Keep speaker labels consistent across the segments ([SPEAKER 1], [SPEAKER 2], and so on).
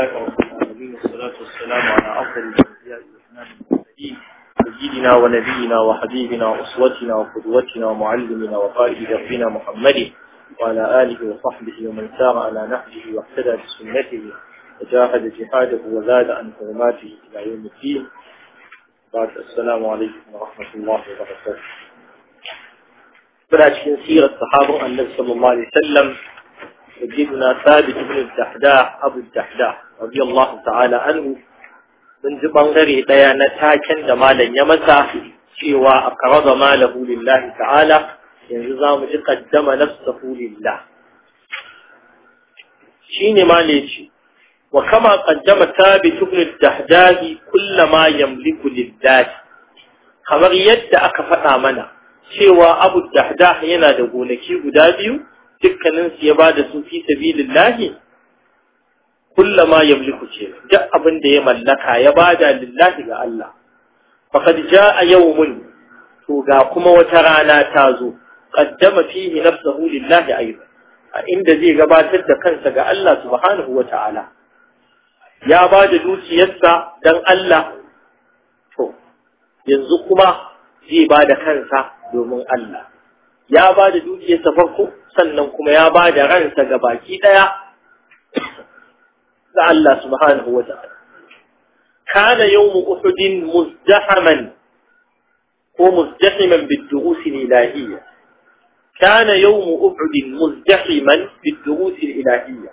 [SPEAKER 1] والصلاة والسلام على أفضل الأنبياء سيدنا ونبينا وحبيبنا وأسوتنا وقدوتنا ومعلمنا وقائد ربنا محمد وعلى آله وصحبه ومن سار على نهجه واهتدى بسنته وجاهد جهاده وزاد عن حرماته إلى يوم الدين بعد السلام عليكم ورحمة الله وبركاته. من سيرة الصحابة النبي صلى الله عليه وسلم سيدنا ثابت بن الدحداح أبو الدحداح رضي الله تعالى عنه من جبان غري ديانا تاكن دمالا يمسا شيوا أقرض ماله لله تعالى ينزام قدم نفسه لله شين ما ليشي وكما قدم ثابت بن الدحداح كل ما يملك لله kamar yadda aka faɗa mana cewa abu dahdah yana da gonaki guda biyu Dukkaninsu ya ya bada su fi sabilillahi kullama yamliku ce duk abin da ya mallaka ya ba da lillahi ga Allah faqad jaa yawmun to ga kuma wata rana ta zo qaddama fihi nafsuhu lillahi aidan a inda zai gabatar da kansa ga Allah subhanahu wata'ala ya da dukiyarsa dan Allah to yanzu kuma zai ba da kansa domin Allah ya bada dukiyarsa farko sannan kuma ya ba da ransa ga baki daya ga Allah subhanahu wa ta'ala kana yawmu uhudin muzdahaman ko muzdahiman bid ilahiyya kana yawmu uhudin muzdahiman bid-du'us al-ilahiyya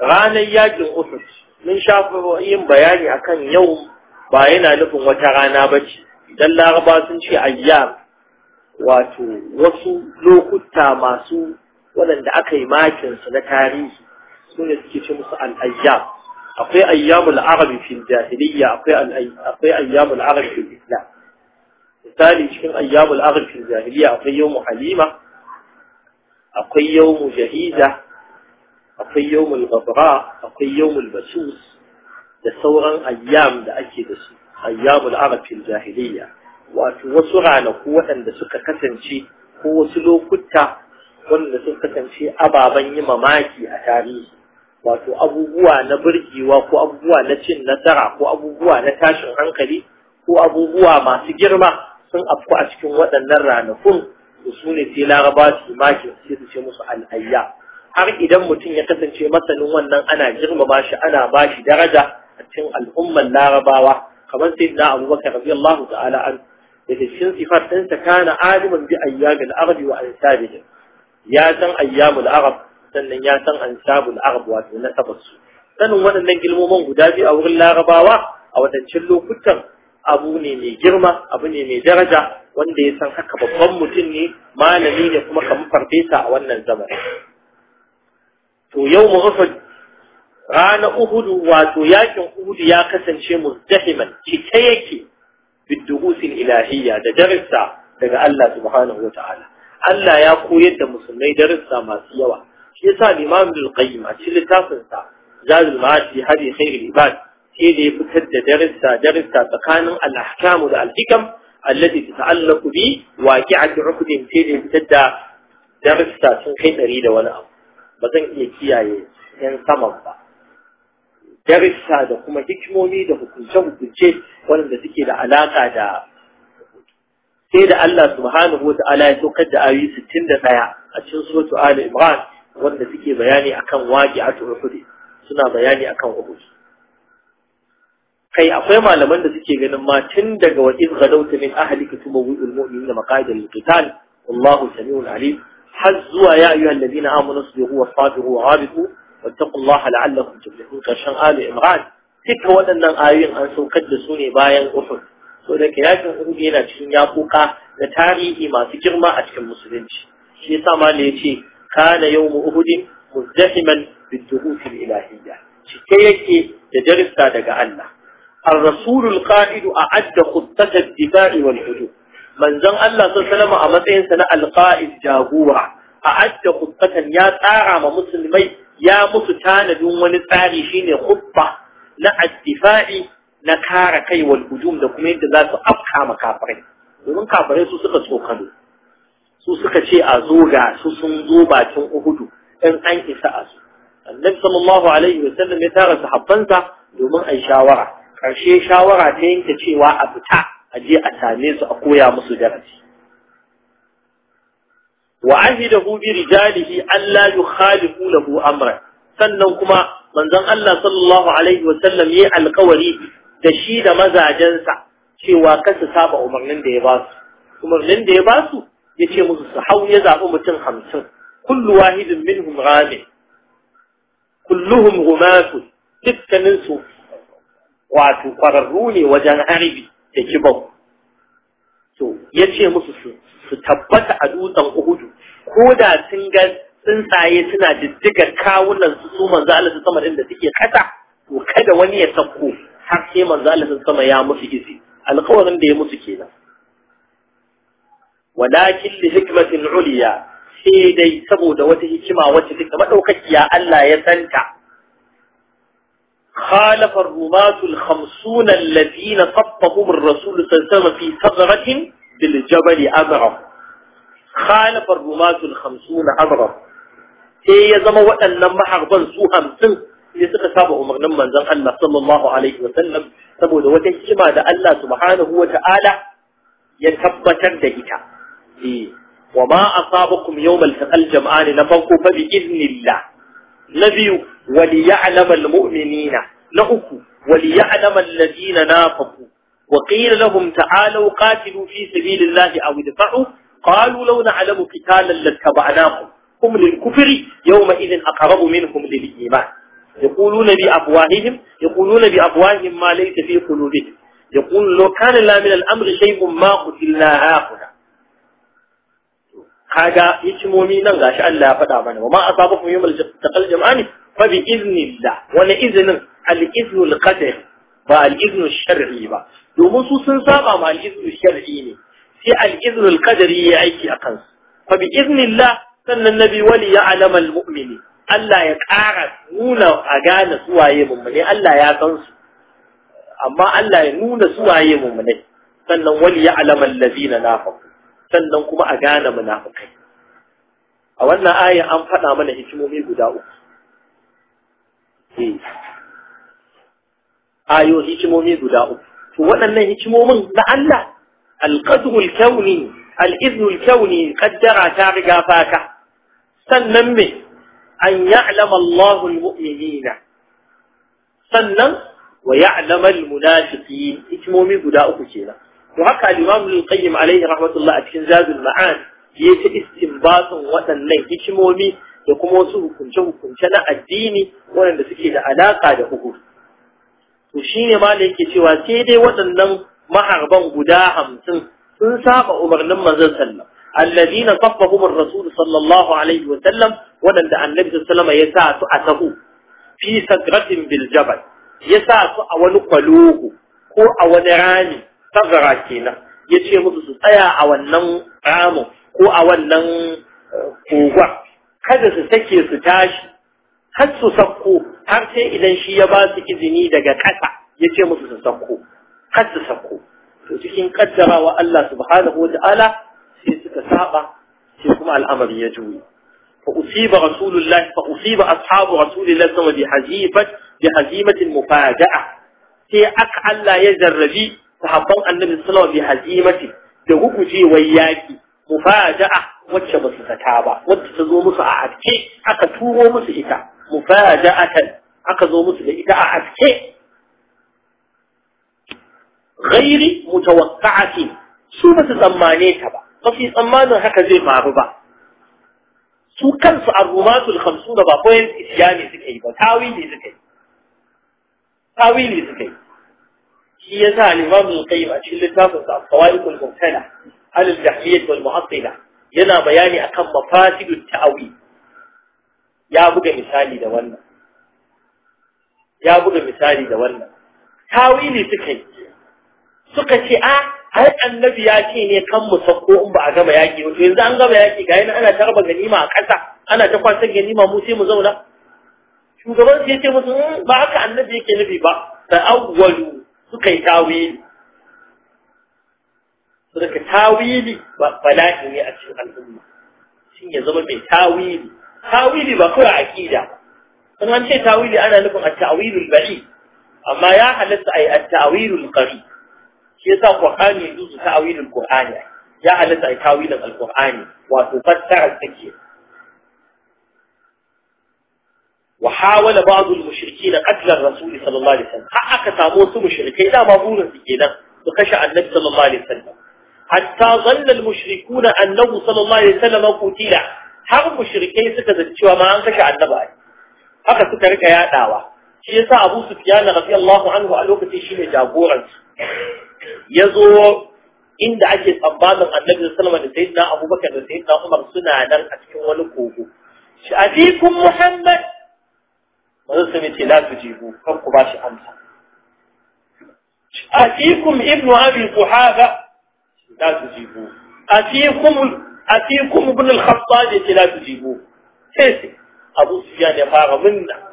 [SPEAKER 1] ranar yakin uhud mun shafa yin bayani akan yau ba yana nufin wata rana bace idan laraba sun ce ayyam wato wasu lokuta masu waɗanda aka yi su na tarihi su ne suke ce musu al'ayyam akwai ayyamul arabi fil jahiliyya akwai ayyamul arabi fil islam misali cikin ayyamul arabi fil jahiliyya akwai yawmu halima akwai yawmu jahiza akwai yawmul gabra akwai yawmul basus da sauran ayyam da ake da su ayyamul arabi fil jahiliyya wato wasu ranaku waɗanda suka kasance ko wasu lokuta waɗanda suka kasance ababen yi mamaki a tarihi wato abubuwa na burgewa ko abubuwa na cin nasara ko abubuwa na tashin hankali ko abubuwa masu girma sun afku a cikin waɗannan ranakun da su ne sai laraba su makin sai su ce musu al'ayya har idan mutum ya kasance masanin wannan ana girmama shi ana ba shi daraja a cikin al'ummar larabawa kamar sai da abubakar radiyallahu ta'ala an da cikin sifar ɗinsa kana aliman bi ayyamin arabi wa ansabihim ya san ayyamul arab sannan ya san ansabul arab wato na su sanin waɗannan gilmomin guda biyu a wurin larabawa a wadancan lokutan abu ne mai girma abu ne mai daraja wanda ya san haka babban mutum ne malami ne kuma kamar farfesa a wannan zamanin to yau mu ranar uhudu wato yakin uhudu ya kasance muzdahiman cike yake بالدروس الإلهية ده درسة ده الله سبحانه وتعالى الله يا قوية مسلمي درسة ما سيوا يسا الإمام القيم أتشل تافنسا زاد المعاد في هذه خير العباد سيدي فتد درسة درسة تقان الأحكام والحكم التي تتعلق بواقعة عقد سيدي فتد درسة تنخي تريد ولا أمر بزن إيكيا ين سمم بقى darussa da kuma hikimomi da hukunce-hukunce waɗanda suke da alaƙa da sai da Allah subhanahu wata'ala ya saukar da ayoyi 61 a cikin suratu Ali Imran wanda suke bayani akan waqi'atu Uhud suna bayani akan Uhud kai akwai malaman da suke ganin ma tun daga wa iz gadawta min ahlika tubawwi'ul mu'minina maqaida qital wallahu samiul alim har zuwa ya ayyuhal ladina amanu sabiru wa sabiru wa rabitu واتقوا الله لعلكم تفلحون كشان آل إمران تك ودنا آيين أن سوكد سوني باين أحد so da yakin Uhud yana cikin yakuka na tarihi masu girma a cikin musulunci shi yasa ma ne yace kana yau Uhud muzdahiman biduhut ilahiyya cike yake da darissa daga Allah الرسول القائد أعد خطة الدفاع والحدود manzon Allah sallallahu a matsayinsa na alqa'id jagora a adda kubbatan ya tsara ma musulmai ya musu tanadin wani tsari shine hubba na addifa'i na kare kai wal hujum da kuma yadda za su afka ma kafirai domin kafirai su suka tsokano su suka ce a zo ga su sun zo bakin uhudu in an isa a su annabi sallallahu alaihi wa sallam ya tara sahabbansa domin ai shawara karshe shawara ta yanke cewa a fita a je a same su a koya musu darasi wa ahidahu bi rijalihi alla yukhalifu lahu amra sannan kuma manzon Allah sallallahu alaihi wa sallam yayi alkawari da shi da mazajensa cewa kasu saba umarnin da ya ba su umarnin da ya ba su yace musu su hau ya zabi mutum hamsin kullu wahidin minhum ghamin kulluhum gumatu dukkanin su wato kwararru ne wajen harbi da kibau to yace musu su su tabbata a dutsen Uhudu koda sun ga tsuntsaye suna diddiga kawunan su su manzo Allah sama din da suke kasa to kada wani ya sako har sai manzo Allah sama ya musu izi alƙawarin da ya musu kenan walakin li hikmatin uliya sai dai saboda wata hikima wacce take madaukakiya Allah ya santa خالف الرماة الخمسون الذين صفهم الرسول صلى الله عليه وسلم في صدرة بالجبل أمره خالف الرماة الخمسون عمرا هي يزم وأن لما حقبن سوء أمسن يسق سابه مغنم من ذن الله صلى الله عليه وسلم سبو ذو تهجم هذا الله سبحانه وتعالى يتبت تردهك إيه. وما أصابكم يوم الفقى الجمعان نفقه فبإذن الله نبي وليعلم المؤمنين نأكو وليعلم الذين نافقوا وقيل لهم تعالوا قاتلوا في سبيل الله أو ادفعوا قالوا لو نعلم قتالا لاتبعناكم هم للكفر يومئذ أقرب منهم للإيمان يقولون بافواههم يقولون بافواههم ما ليس في قلوبهم يقول لو كان لا من الأمر شيء ما قتلنا هاكنا هذا يتمو مينا غاش الله فدع منه وما أصابكم يوم التقل جمعاني فبإذن الله ونإذن الإذن القدر فالإذن الشرعي با يوم سنصابا ما الإذن الشرعي نعم. sai al-iznul qadari ya aiki a kansu fa bi iznillah sannan nabi wali ya alama al-mu'mini Allah ya ƙara nuna a gane suwaye mummune Allah ya san su amma Allah ya nuna suwaye mummune sannan wali ya alama allazina nafaqu sannan kuma a gane munafikai a wannan aya an faɗa mana hikimomi guda uku eh. ayo hikimomi guda uku to waɗannan hikimomin na Allah القدر الكوني الإذن الكوني قدر تارجا فاكا سنن به أن يعلم الله المؤمنين سنن ويعلم المنافقين إتمومي قداء كتيرا وهكا الإمام القيم عليه رحمة الله أتكن زاد المعان يتي استنباط وطنين إتمومي da kuma wasu hukunce-hukunce na addini waɗanda suke da alaƙa da hukum. To shi ne maharban guda hamsin sun saba umarnin manzon sallam alladina saffahum ar-rasul sallallahu alaihi wa sallam wadanda annabi Sallama ya sa su a tahu fi sagratin bil jabal ya sa su a wani kwalogo ko a wani rami sagara kenan ya ce musu su tsaya a wannan ramin ko a wannan eh, kogwa kada su sake su tashi har su sakko har sai idan shi ya ba su izini daga ƙasa ya ce musu su sakko kar su sako to cikin kaddarawa Allah subhanahu wa ta'ala sai suka saba sai kuma al'amari ya juye fa usiba rasulullahi fa usiba ashabu Rasulillah sama bi hazifat bi hazimatin mufada'a sai aka Allah ya jarrabi sahabban annabi sallallahu alaihi wasallam bi hazimati wai gugujewar yaki mufada'a wacce ba su sata ba wacce ta zo musu a aske aka turo musu ita mufada'atan aka zo musu da ita a aske ghairi mutawaqqa'atin su ba su tsammane ta ba ba su tsammanin haka zai faru ba su kansu arrumatul khamsuna ba ko yan ne suka yi ba ne suka yi ne suka yi shi ya sa imam al kai a cikin littafin sa fawaidul mubtala da jahmiyyah wal mu'attila yana bayani kan mafasidun ta'awi ya buga misali da wannan ya buga misali da wannan ne suka yi suka ce a har annabi ya ce ne kan mu sako in ba a gama yaki ba yanzu an gama yaki ga yana ana tarba ganima a ƙasa ana ta kwasan ganima mu sai mu zauna shugaban sai ya ce musu hmm, ba haka annabi yake nufi ba da awwalu suka yi tawili suka tawili ba bala'i ne a cikin al'umma shin ya zama mai tawili tawili ba kawai akida in an ce tawili ana nufin at-ta'wilul ba'id amma ya halatta ai at-ta'wilul qarib yasa qur'ani yanzu su ta'awilul qur'ani ya halatta ai tawilin alqur'ani wato fassara take wa hawala ba'd almushrikeen qatl ar-rasul sallallahu alaihi wasallam ha aka samu su mushrikai da maburin su kenan su kashe annabi sallallahu alaihi wasallam hatta dhalla almushrikeen annahu sallallahu alaihi wasallam qutila har mushrikai suka zaci cewa ma an kashe annabi haka suka rika yadawa shi yasa Abu Sufyan radiyallahu anhu a lokacin shi ne jagoran ya zo inda ake tsabbanin annabi salama da sayyidina abubakar da sayyidina umar suna nan a cikin wani kogo shafikun muhammad manzo sai ce la tujibu kan ku bashi amsa atikum ibnu abi quhafa la tujibu atikum atikum ibn al-khattab ce la tujibu sai abu sufyan ya fara minna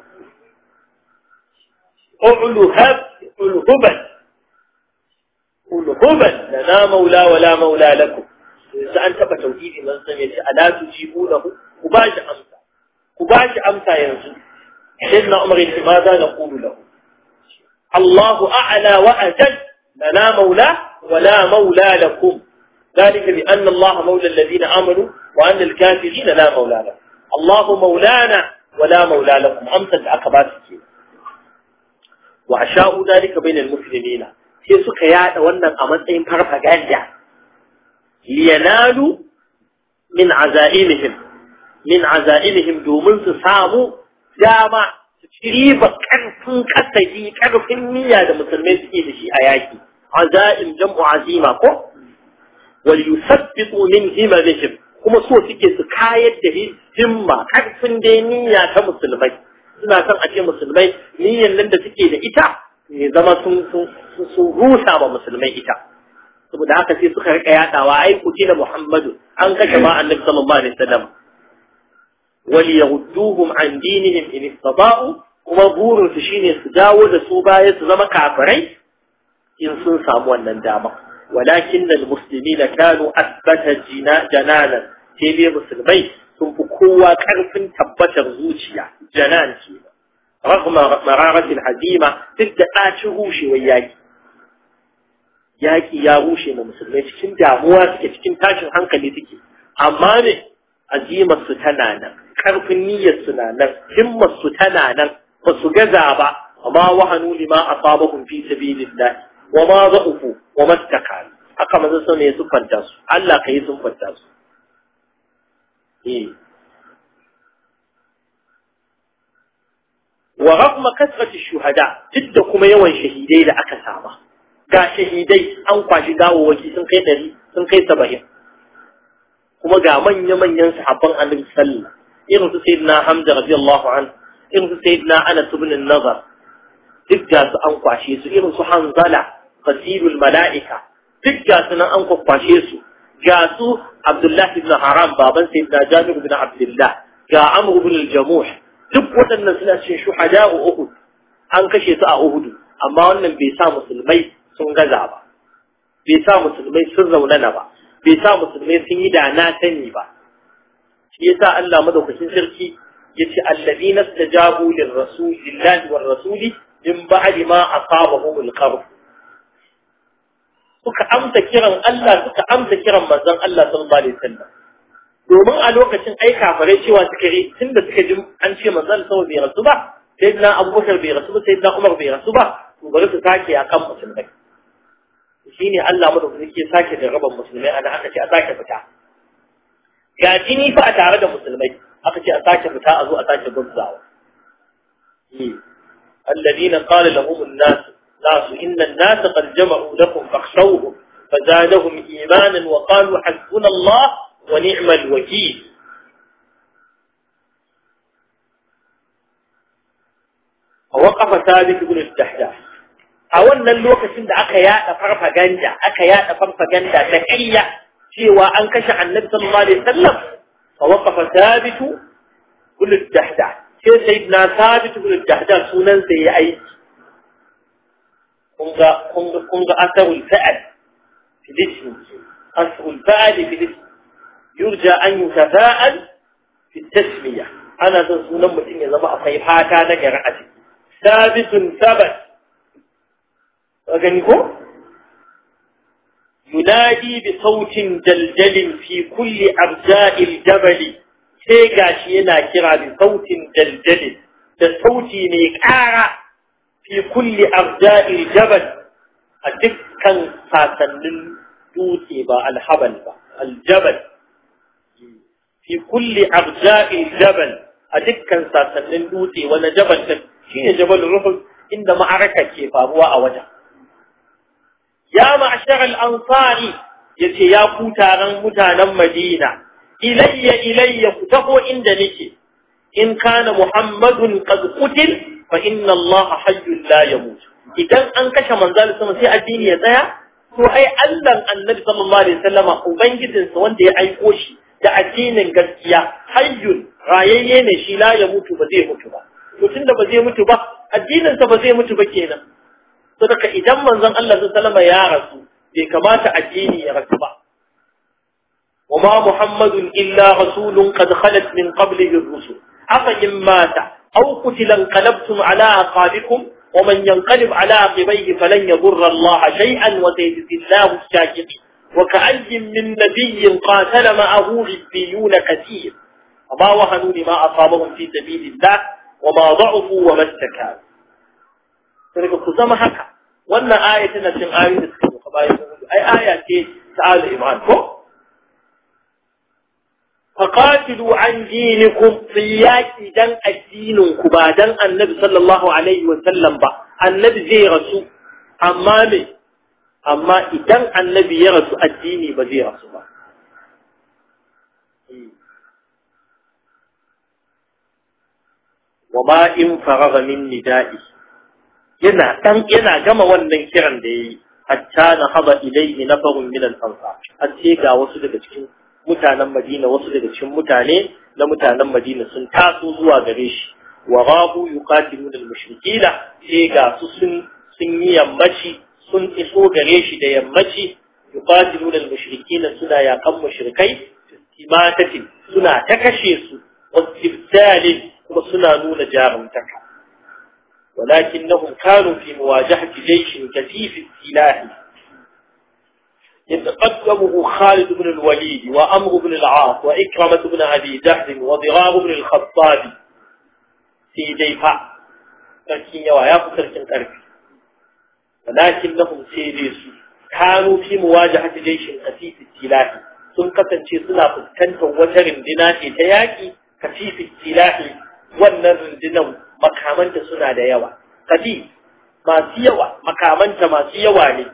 [SPEAKER 1] ulu hubal هبا لنا مولا ولا مولا لكم سأل تبا توحيدي من سمين ألا تجيبونه كباش أمسا كباش أمسا ينزل سيدنا عمر ماذا نقول له الله أعلى وأجل لنا مولا ولا مولا لكم ذلك لأن الله مولى الذين آمنوا وأن الكافرين لا مولى لهم الله مولانا ولا مولى لكم أمسا العقبات وعشاء ذلك بين المسلمين sai suka yada wannan a matsayin farfaganda liyanalu min azaimihim min azaimihim domin su samu dama su ciri riba karfin kasaji karfin niyya da musulmai suke da shi a yaki azaim jam'u azima ko wal yusabbitu min himamihim kuma so suke su kayar da himma karfin da niyya ta musulmai suna san a ce musulmai niyyan nan da suke da ita ya zama sun sun rusa ba musulmai ita saboda haka sai suka rika yadawa ai ku da Muhammadu an kashe ma annabi sallallahu alaihi wasallam wal yaghduhum an dinihim in kuma burin su shine su dawo da su baya su zama kafirai in sun samu wannan dama walakin al muslimina kanu asbata jananan sai dai musulmai sun fi kowa karfin tabbatar zuciya janan ragma mararatin azima duk da ɗacin rushewar yaƙi yaƙi ya rushe ma musulmai cikin damuwa suke cikin tashin hankali suke amma ne azimar su tana nan karfin niyyar su na nan himmar su tana nan ba su gaza ba amma wahanu lima asabahum fi sabilillah wa ma uku? wa mastakan haka manzo sun yi su fanta su Allah yi sun fanta su wa rafma kasrati shuhada duk da kuma yawan shahidai da aka sama ga shahidai an kwashi gawawaki sun kai ɗari sun kai saba'in kuma ga manya-manyan sahabban annabi Sallah, irin su sayyidina hamza radiyallahu anhu irin su sayyidina anas ibn nazar duk ga su an kwashe su irin su hanzala qatilul mala'ika duk ga su nan an kwashe su ga su abdullahi ibn haram baban sayyidina jabir ibn abdullah ga amr ibn al-jamuh duk waɗannan suna cin shuhada a Uhud an kashe su a Uhud amma wannan bai sa musulmai sun gaza ba bai sa musulmai sun raunana ba bai sa musulmai sun yi da na sani ba shi yasa Allah madaukakin sarki yace alladina stajabu lirrasul lillahi war rasuli min ba'di ma asabahum alqarh suka amsa kiran Allah suka amsa kiran manzon Allah sallallahu alaihi wasallam domin a lokacin ai kafarai cewa suka yi tun da suka ji an ce manzon sama bai rasu ba sai na abubakar bai rasu ba sai na umar bai rasu ba to bari su sake a kan musulmai shine Allah mu madaukaki ke sake da rabar musulmai ana aka ce a sake fita ga jini fa a tare da musulmai aka ce a sake fita a zo a sake gurzawa الذين قال لهم الناس ناس إن الناس قد جمعوا لكم فاخشوهم فزادهم إيمانا وقالوا حسبنا الله ونعم الوكيل ووقف ثابت يقول استحداث أولا الوقت عند أخياء فرفة جنجة أخياء فرفة جنجة تكية شيوى أنكشع النبي صلى الله عليه وسلم فوقف ثابت يقول استحداث كيف سيدنا ثابت يقول استحداث سنان سيئ أي كنغ أثر الفعل في الاسم أثر الفعل في الاسم يرجى أن يتفاءل في التسمية أنا إن متين ما أصيبها كان كرأتي ثابت ثبت أغنيكم ينادي بصوت جلجل في كل أرجاء الجبل سيقا شينا كرا بصوت جلجل بصوت نيكارا في كل أرجاء الجبل أدكا فاتن للدوتي با الحبل با الجبل fi kulli abja'il jabal a dukkan sassanin dutse wani jabal din shine jabal ruhul inda ma'araka ke faruwa a wajen ya ma'ashar al yace ya ku taron mutanen Madina ilayya ilayya ku taho inda nake in kana muhammadun qad qutil fa inna allah hayyul la yamut idan an kashe manzali sama sai addini ya tsaya to ai Allah annabi sallallahu alaihi wasallama ubangijinsa wanda ya aiko shi da addinin gaskiya hayyun rayayye ne shi la ya mutu ba zai mutu ba mutum da ba zai mutu ba addininsa ba zai mutu ba kenan Sadaka daga idan manzon Allah sallallahu alaihi wasallam ya rasu bai kamata addini ya rasu ba wa ma muhammadun illa rasulun kada khalat min qablihi ar-rusul afa in mata aw qutilan qalabtum ala aqabikum wa man yanqalib ala aqibihi falan yadhurra Allah shay'an wa sayajzi Allahu ash-shakirin وكأي من نبي قاتل معه ربيون كثير فما وهنوا لما أصابهم في سبيل الله وما ضعفوا وما استكانوا فإنك كزم حكا وأن آية نسم آية نسكين أي آية كي تعالى إيمانكم فقاتلوا عن دينكم صياك إذن الدينكم بعد النبي صلى الله عليه وسلم النبي زي رسول أمامي amma idan annabi ya rasu addini ba zai rasu ba wa ma in faragha min nida'i yana dan yana gama wannan kiran da yayi hatta na haba ilayhi nafarun min al-ansar sai ga wasu daga cikin mutanen Madina wasu daga cikin mutane na mutanen Madina sun taso zuwa gare shi wa rabu yuqatiluna al-mushrikeena sai ga su sun sun yi yammaci sun iso gare shi da yammaci yuqatiluna al-mushrikeena suna yaƙan mushrikai imatatin suna ta kashe su wasibtalin kuma suna nuna jarumtaka kanu fi muwajahati jayshin katif al-silah ولكنهم Khalid ibn al-Walid wa Amr ibn al بن wa Ikrama ibn Abi وإكرمة wa أبي ibn al-Khattab fi jayfa جيفا yawa ya تركين karfi walakin lahum sai dai su mu waje muwajahati jayshin qasif tilahi sun kasance suna fuskantar wata rindina ce ta yaki qasif tilahi wannan rindinan suna da yawa qasif masu yawa makamanta masu yawa ne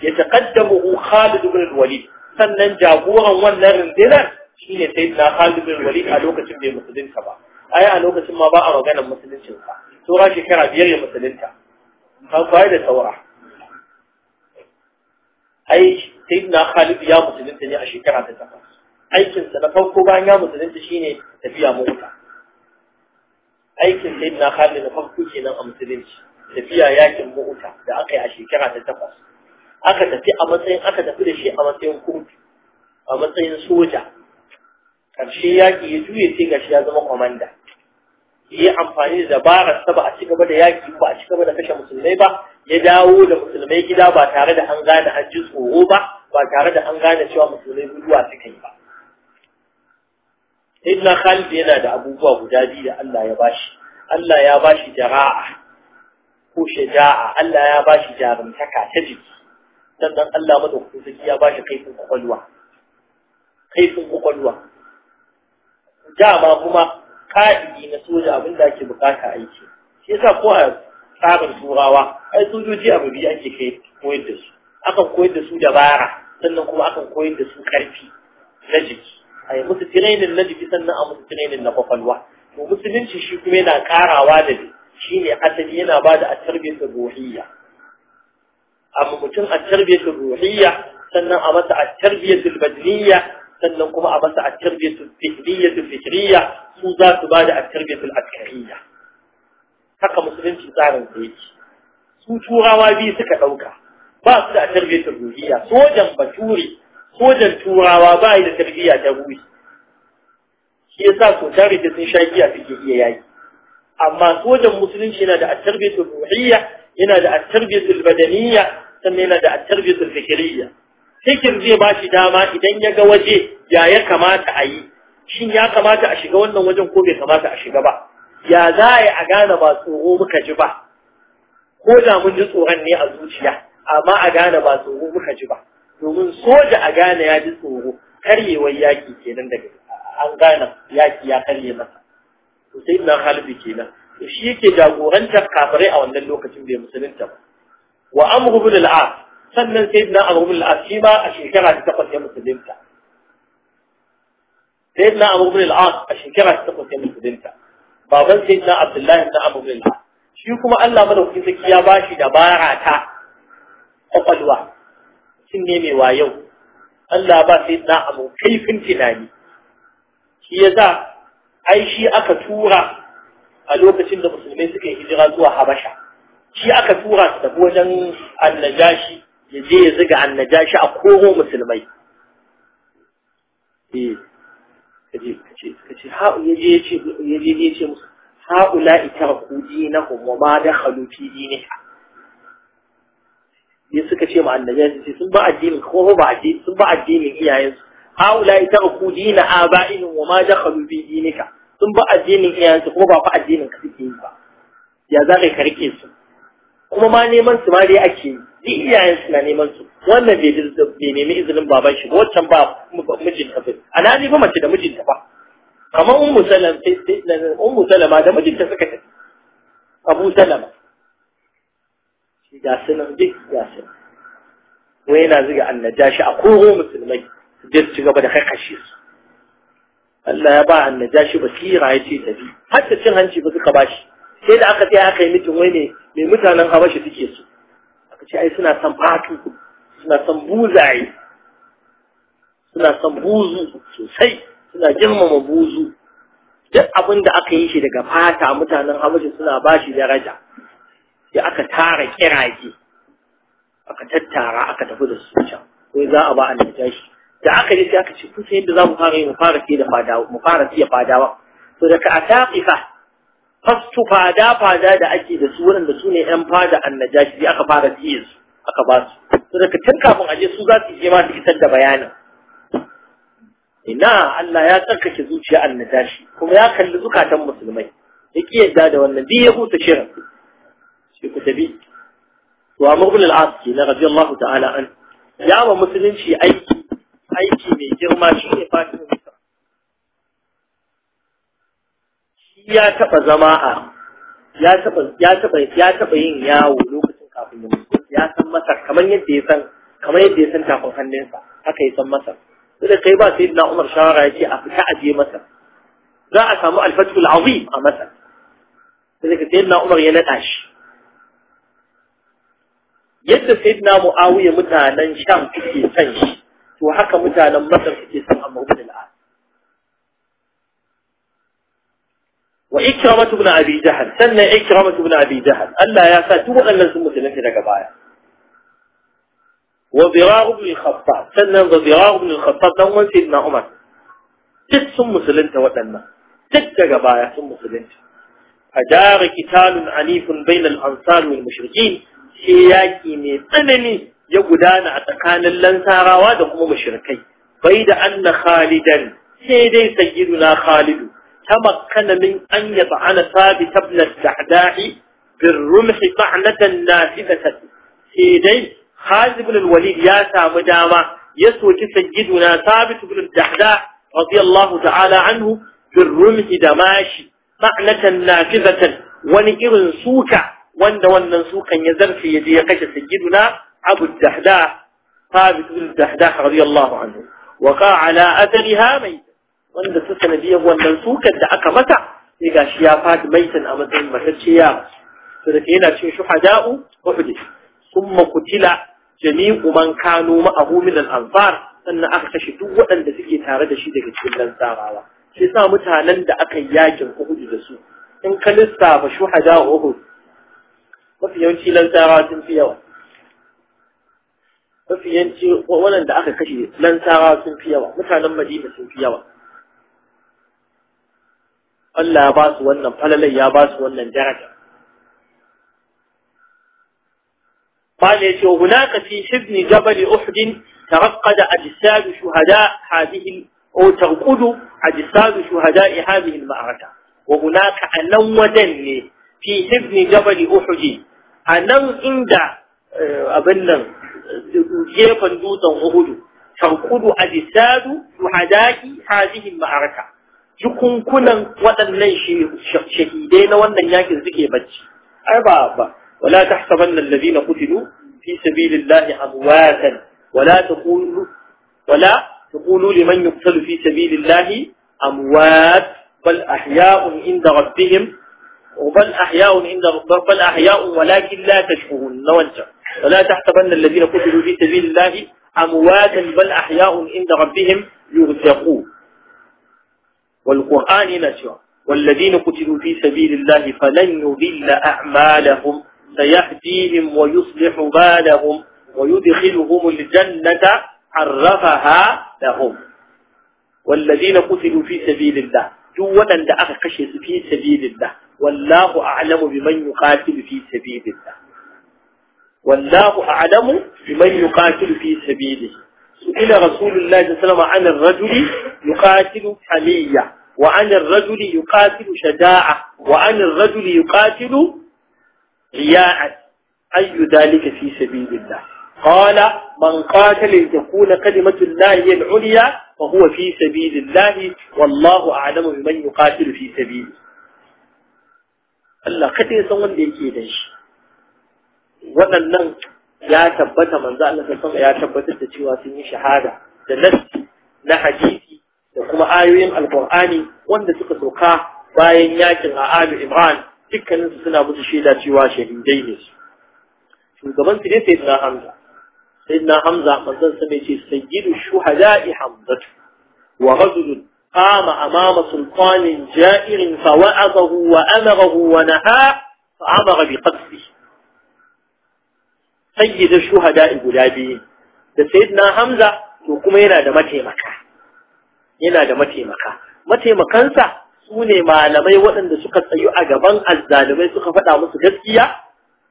[SPEAKER 1] ya sannan jagoran wannan rindinar shine da Khalid ibn walid a lokacin bai musulunta ba ai a lokacin ma ba a maganar musuluncin sa saura shekara biyar ya musulunta kan da saura Aiki ai na Khalid ya musulunta ne a shekara ta takwas aikin sa na farko bayan ya musulunta shine tafiya mota aikin sayyidina Khalid na farko kenan a musulunci tafiya yakin mota da aka yi a shekara ta takwas aka tafi a matsayin aka tafi da shi a matsayin kurtu a matsayin soja ƙarshe yaƙi ya juye sai gashi ya zama kwamanda yi amfani da dabarar sa ba a ci gaba da yaki ba a ci gaba da kashe musulmai ba ya dawo da musulmai gida ba tare da an gane an ji tsoro ba ba tare da an gane cewa musulmai guduwa suka yi ba sayyidina Khalid yana da abubuwa guda biyu da Allah ya bashi Allah ya bashi jara'a ko shaja'a Allah ya bashi jarumtaka ta jiki sannan Allah madaukakin sarki ya bashi kaifin kwakwalwa kaifin kwakwalwa dama kuma ka'idi na soja abin da ake bukata aiki shi yasa ko a tsarin turawa ai sojoji abu biyu ake kai koyar da su akan koyar da su dabara sannan kuma akan koyar da su karfi na jiki a yi musu tirenin na jiki sannan a musu tirenin na kwakwalwa to musulunci shi kuma yana karawa da ne shi ne asali yana ba da a tarbiyyar ruhiyya a mutum a tarbiyyar ruhiyya sannan a masa a tarbiyyar badniyya sannan kuma a masa at-tarbiyatu fikriyatu fikriya su za su bada at-tarbiyatu al-askariyya haka musulunci tsarin da yake su turawa biyu suka dauka ba su da at-tarbiyatu ruhiyya sojan Bature, sojan turawa ba yi da tarbiyya ta ruhi shi yasa so tare da sun shaki a cikin iya yayi amma sojan musulunci yana da at-tarbiyatu ruhiyya yana da at-tarbiyatu al-badaniyya sannan yana da at-tarbiyatu al fikir zai ba shi dama idan ya ga waje ya ya kamata a yi shin ya kamata a shiga wannan wajen ko bai kamata a shiga ba ya za a yi a gane ba tsoro muka ji ba ko da mun ji tsoron ne a zuciya amma a gane ba tsoro muka ji ba domin soja a gane ya ji tsoro karyewar yaki kenan daga an gane yaki ya karye masa to sai na halibi kenan to shi yake jagorantar kafirai a wannan lokacin bai musulunta ba wa amru bin al sannan sai na abubuwan al'asi ma a shekara ta takwas ya musulunta sai na abubuwan al'as a shekara ta takwas ya musulunta baban sai na abdullahi na abubuwan al'as shi kuma allah madaukakin sarki ya ba shi dabara ta kwakwalwa shin ne mai wayo allah ba sai na abu kaifin tunani shi ya za ai shi aka tura a lokacin da musulmai suka yi hijira zuwa habasha shi aka tura su tafi wajen annajashi ya je ya ziga annaja shi a koro musulmai eh kaje kace kace ha ya ce ya je ya ce musu haula itarku dinahum wa ma dakhalu fi diniha ya suka ce ma annaja sun ba addinin ko ba addini sun ba addinin iyayensu haula itarku dina aba'ihim wa ma dakhalu fi dinika sun ba addinin iyayensu kuma ba fa addinin ka suke yi ba ya za ka rike su kuma ma neman su ma dai ake yi duk iyayen suna neman su wannan bai bai nemi izinin baban shi wancan ba mijinta ba ana ne ba mace da mijinta ba kamar ummu salama eh, eh, ummu salama da mijinta suka tafi abu salama ga su duk ga su wai yana zuga annajashi a koro musulmai su je ci gaba da kakashe su Allah ya ba annajashi basira ya ce tafi har ta cin hanci ba suka bashi sai da aka tsaya aka yi mutum wai ne mai mutanen habashi suke ce ai suna son fatu suna son buzaye suna son buzu sosai suna girmama buzu duk abin da aka yi shi daga fata mutanen habashi suna ba shi daraja da aka tara kirage aka tattara aka tafi da su can sai za a ba a tashi. da aka je sai aka ce kusa yadda za mu fara yi mu fara fiye da fadawa mu fara fiye fadawa to daga ataqifa fastu fada fada da ake da su wurin da su ne yan fada annajashi aka fara siye su aka ba su su da tun kafin aje su za su je ma su isar da bayanin ina Allah ya tsarkake zuciya annajashi kuma ya kalli zukatan musulmai ya ki yadda da wannan biyu ya huta shirin shi ku tabi to amma ibn al ke na radiyallahu ta'ala an ya ba musulunci aiki aiki mai girma shi ne fatin ya taɓa zama a ya taɓa ya taɓa ya taɓa yin yawo lokacin kafin ya mutu ya san masar kamar yadda ya san kamar yadda ya san tafin hannunsa haka ya san masar sai da kai ba sai na Umar shawara yake a fita aje masar za a samu al-fathu al-azim a masar sai da sai na Umar ya nada shi yadda sai na Muawiya mutanen Sham suke san shi to haka mutanen Masar suke san Amr bin وإكرمة بن أبي جهل سنة إكرمة بن أبي جهل ألا يا فاتو أن لنسمة سنك لك بايا وضرار بن الخطاب سنة وضراغ بن الخطاب دوما سيدنا عمر جد سم سلنت وأنا جد لك بايا سم مسلنت فجار قتال عنيف بين الأنصار والمشركين سياكي من يقدان أتقان اللنسارا وادهم مشركي بيد أن خالدا سيدي سيدنا خالد تمكن من أن يطعن ثابت بن الدعداء بالرمح طعنة نافذة سيدي خالد بن الوليد يا سام داما يسوك سيدنا ثابت بن الدعداء رضي الله تعالى عنه بالرمح دماشي طعنة نافذة ونئر سوكا وند وند سوكا يزر في يدي قش ya أبو sayyiduna ثابت بن Thabit رضي الله عنه وقع على أثرها ميتا wanda su sanadiyar wannan sukar da aka mata sai gashi ya fadi maitan a matsayin matacce ya to da yana cin shuhada'u wa hudi kuma kutila jami'u man kano, ma'ahu min al sannan aka kashe duk waɗanda suke tare da shi daga cikin lansarawa Sai sa mutanen da aka yi yakin Uhud da su in ka lissafa shuhada Uhud mafi yawanci lansarawa sun fi yawa mafi yawanci waɗanda aka kashe lansarawa sun fi yawa mutanen Madina sun fi yawa Allah ya ba su wannan falalai ya ba su wannan daraja قال يتي هناك في حضن جبل أحد ترقد أجساد شهداء هذه أو ترقد أجساد شهداء هذه المعركة وهناك أنم ودن في حضن جبل أحد أنم عند أبنن جيفا دوتا أحد ترقد أجساد شهداء هذه المعركة jikunkunan waɗannan shahidai na wannan yakin suke bacci ai ba ba wala tahsabanna alladhina qutilu fi sabilillahi amwatan wala taqulu wala taqulu liman yuqtalu fi sabilillahi amwat bal ahya'un inda rabbihim وبل أحياء عند ربهم بل أحياء ولكن لا تشعرون وانت ولا تحسبن الذين قتلوا في سبيل الله أمواتا بل أحياء عند ربهم يرزقون والقرآن نشر والذين قتلوا في سبيل الله فلن يضل أعمالهم سيهديهم ويصلح بالهم ويدخلهم الجنة عرفها لهم والذين قتلوا في سبيل الله جوانا دعاك قشس في سبيل الله والله أعلم بمن يقاتل في سبيل الله والله أعلم بمن يقاتل في سبيله سئل رسول الله صلى الله عليه وسلم عن الرجل يقاتل حمية وعن الرجل يقاتل شجاعة وعن الرجل يقاتل رياء أي ذلك في سبيل الله قال من قاتل لتكون كلمة الله العليا فهو في سبيل الله والله أعلم بمن يقاتل في سبيله الله kada ya san wanda yake ya tabbata manzo Allah sallallahu ya tabbatar da cewa sun yi shahada da nas na hadisi da kuma ayoyin alqur'ani wanda suka doka bayan yakin a Ali Imran dukkanin su suna musu shaida cewa shahidai ne gaban su ne sayyidina Hamza sai sayyidina Hamza manzo sai ne ce sayyidu shuhada'i Hamzatu wa rajulun قام أمام سلطان جائر فوعظه وأمره ونهى فأمر بقتله sayyida shuhada guda biyu da sayyidina hamza to kuma yana da mataimaka yana da mataimaka mataimakansa su ne malamai waɗanda suka tsayu a gaban azzalumai suka faɗa musu gaskiya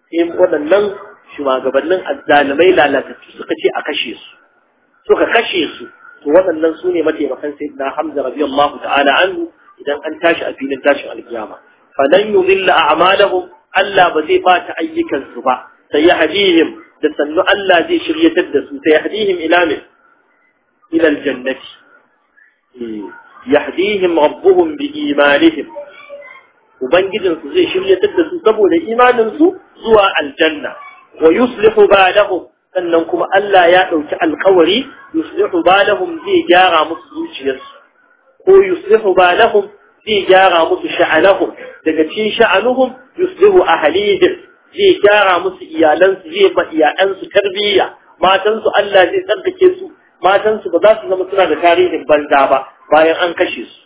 [SPEAKER 1] sai waɗannan shugabannin azzalumai lalatattu suka ce a kashe su suka kashe su to waɗannan sune mataimakan sayyidina hamza radiyallahu ta'ala anhu idan an tashi a filin tashin alkiyama lan yudilla a'malahum Allah ba zai bata su ba سيهديهم تسنو ألا دي شرية الدس سيهديهم إلى من إلى الجنة يهديهم ربهم بإيمانهم وبنجدن سي شرية الدس سبو لإيمان سو زوا الجنة ويصلح بالهم أنكم ألا يأوك القوري يصلح بالهم دي جارة مصدوشيس ويصلح بالهم دي جارة مصدوشيس لكن شعنهم يصلح أهليهم zai gyara musu iyalansu zai ba iyalansu tarbiyya matansu Allah zai tsarkake su matansu ba za su zama suna da tarihin banza ba bayan an kashe su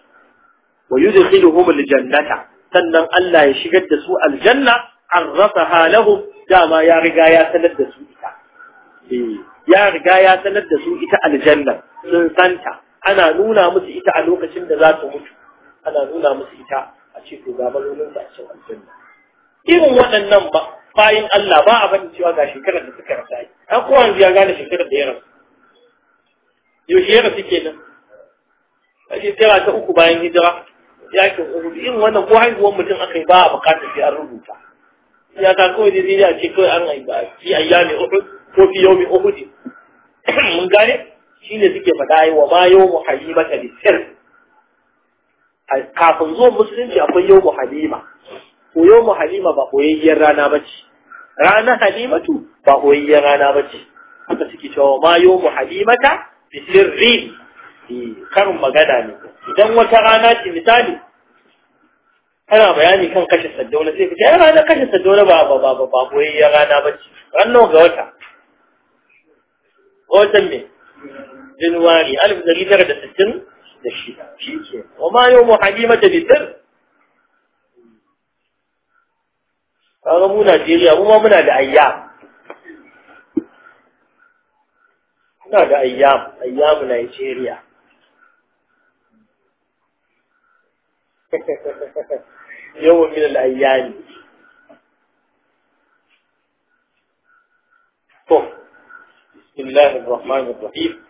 [SPEAKER 1] wa yudkhiluhum aljannata sannan Allah ya shigar da su aljanna arrafaha lahum dama ya riga ya sanar da su ita eh, ya riga ya sanar da su ita aljanna sun santa ana nuna musu ita a lokacin da za su mutu ana nuna musu ita a cikin to ga a cikin aljanna irin waɗannan ba bayin Allah ba a bani cewa ga shekarar da suka rasa yi an kowa yanzu ya gane shekarar da ya rasu yaushe ya rasu kenan a shekara ta uku bayan hijira ya ke rubuta irin wannan ko haihuwar mutum aka yi ba a bukatar sai an rubuta ya ta kawai da zai a ce kawai an haifa fi ayyami uhud ko fi mai uhud mun gane shi ne suke faɗa yi wa ma mu halima ta sirri kafin zuwan musulunci akwai yau mu halima koyo mu halima ba koyayyen rana ba ce rana halimatu ba koyayyen rana ba ce haka suke cewa ma yo mu halimata bi eh, karin magana ne idan wata rana ce misali kana bayani kan kashe saddauna sai ka ce ai ranar kashe saddauna ba ba ba ba koyayyen rana ba ce ranar ga wata watan ne januwari alif dari tara da sittin da shida shi ke wa ma yau mu halimata sirri kaga mu Najeriya mu ma muna da ayyam muna da ayyam ayyam Najeriya yau min al-ayyami to bismillahir rahmanir rahim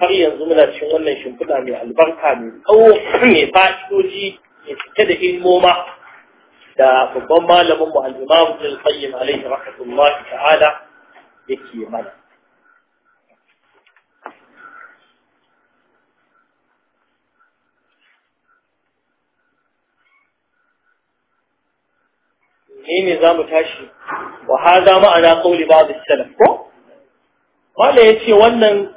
[SPEAKER 1] har yanzu muna cikin wannan shimfiɗa mai albarka mai tsawo mai fa'idoji mai cike da ilmoma da babban malamin mu al-Imam Ibn qayyim alayhi rahmatullahi ta'ala yake mana ne za mu tashi wa haza ma'ana qawli ba'd as-salaf ko wala yace wannan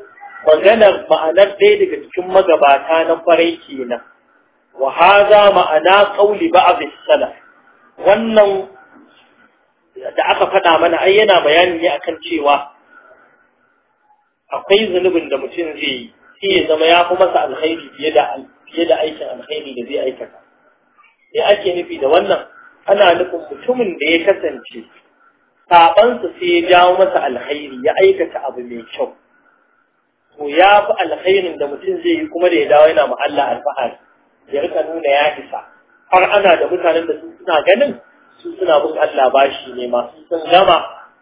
[SPEAKER 1] maganar ma'anar ɗaya daga cikin magabata na farai kenan wa haza ma'ana qawli ba'd as-salaf wannan da aka faɗa mana ai yana bayani ne akan cewa akwai zunubin da mutum zai yi sai ya zama ya fi masa alkhairi fiye da aikin alkhairi da zai aikata sai ake nufi da wannan ana nufin mutumin da ya kasance sabansa sai ya jawo masa alkhairi ya aikata abu mai kyau to ya fi alkhairin da mutum zai yi kuma da ya dawo yana ma Allah alfahari ya rika nuna ya isa har ana da mutanen da su suna ganin su suna bin Allah bashi ne ma su sun gama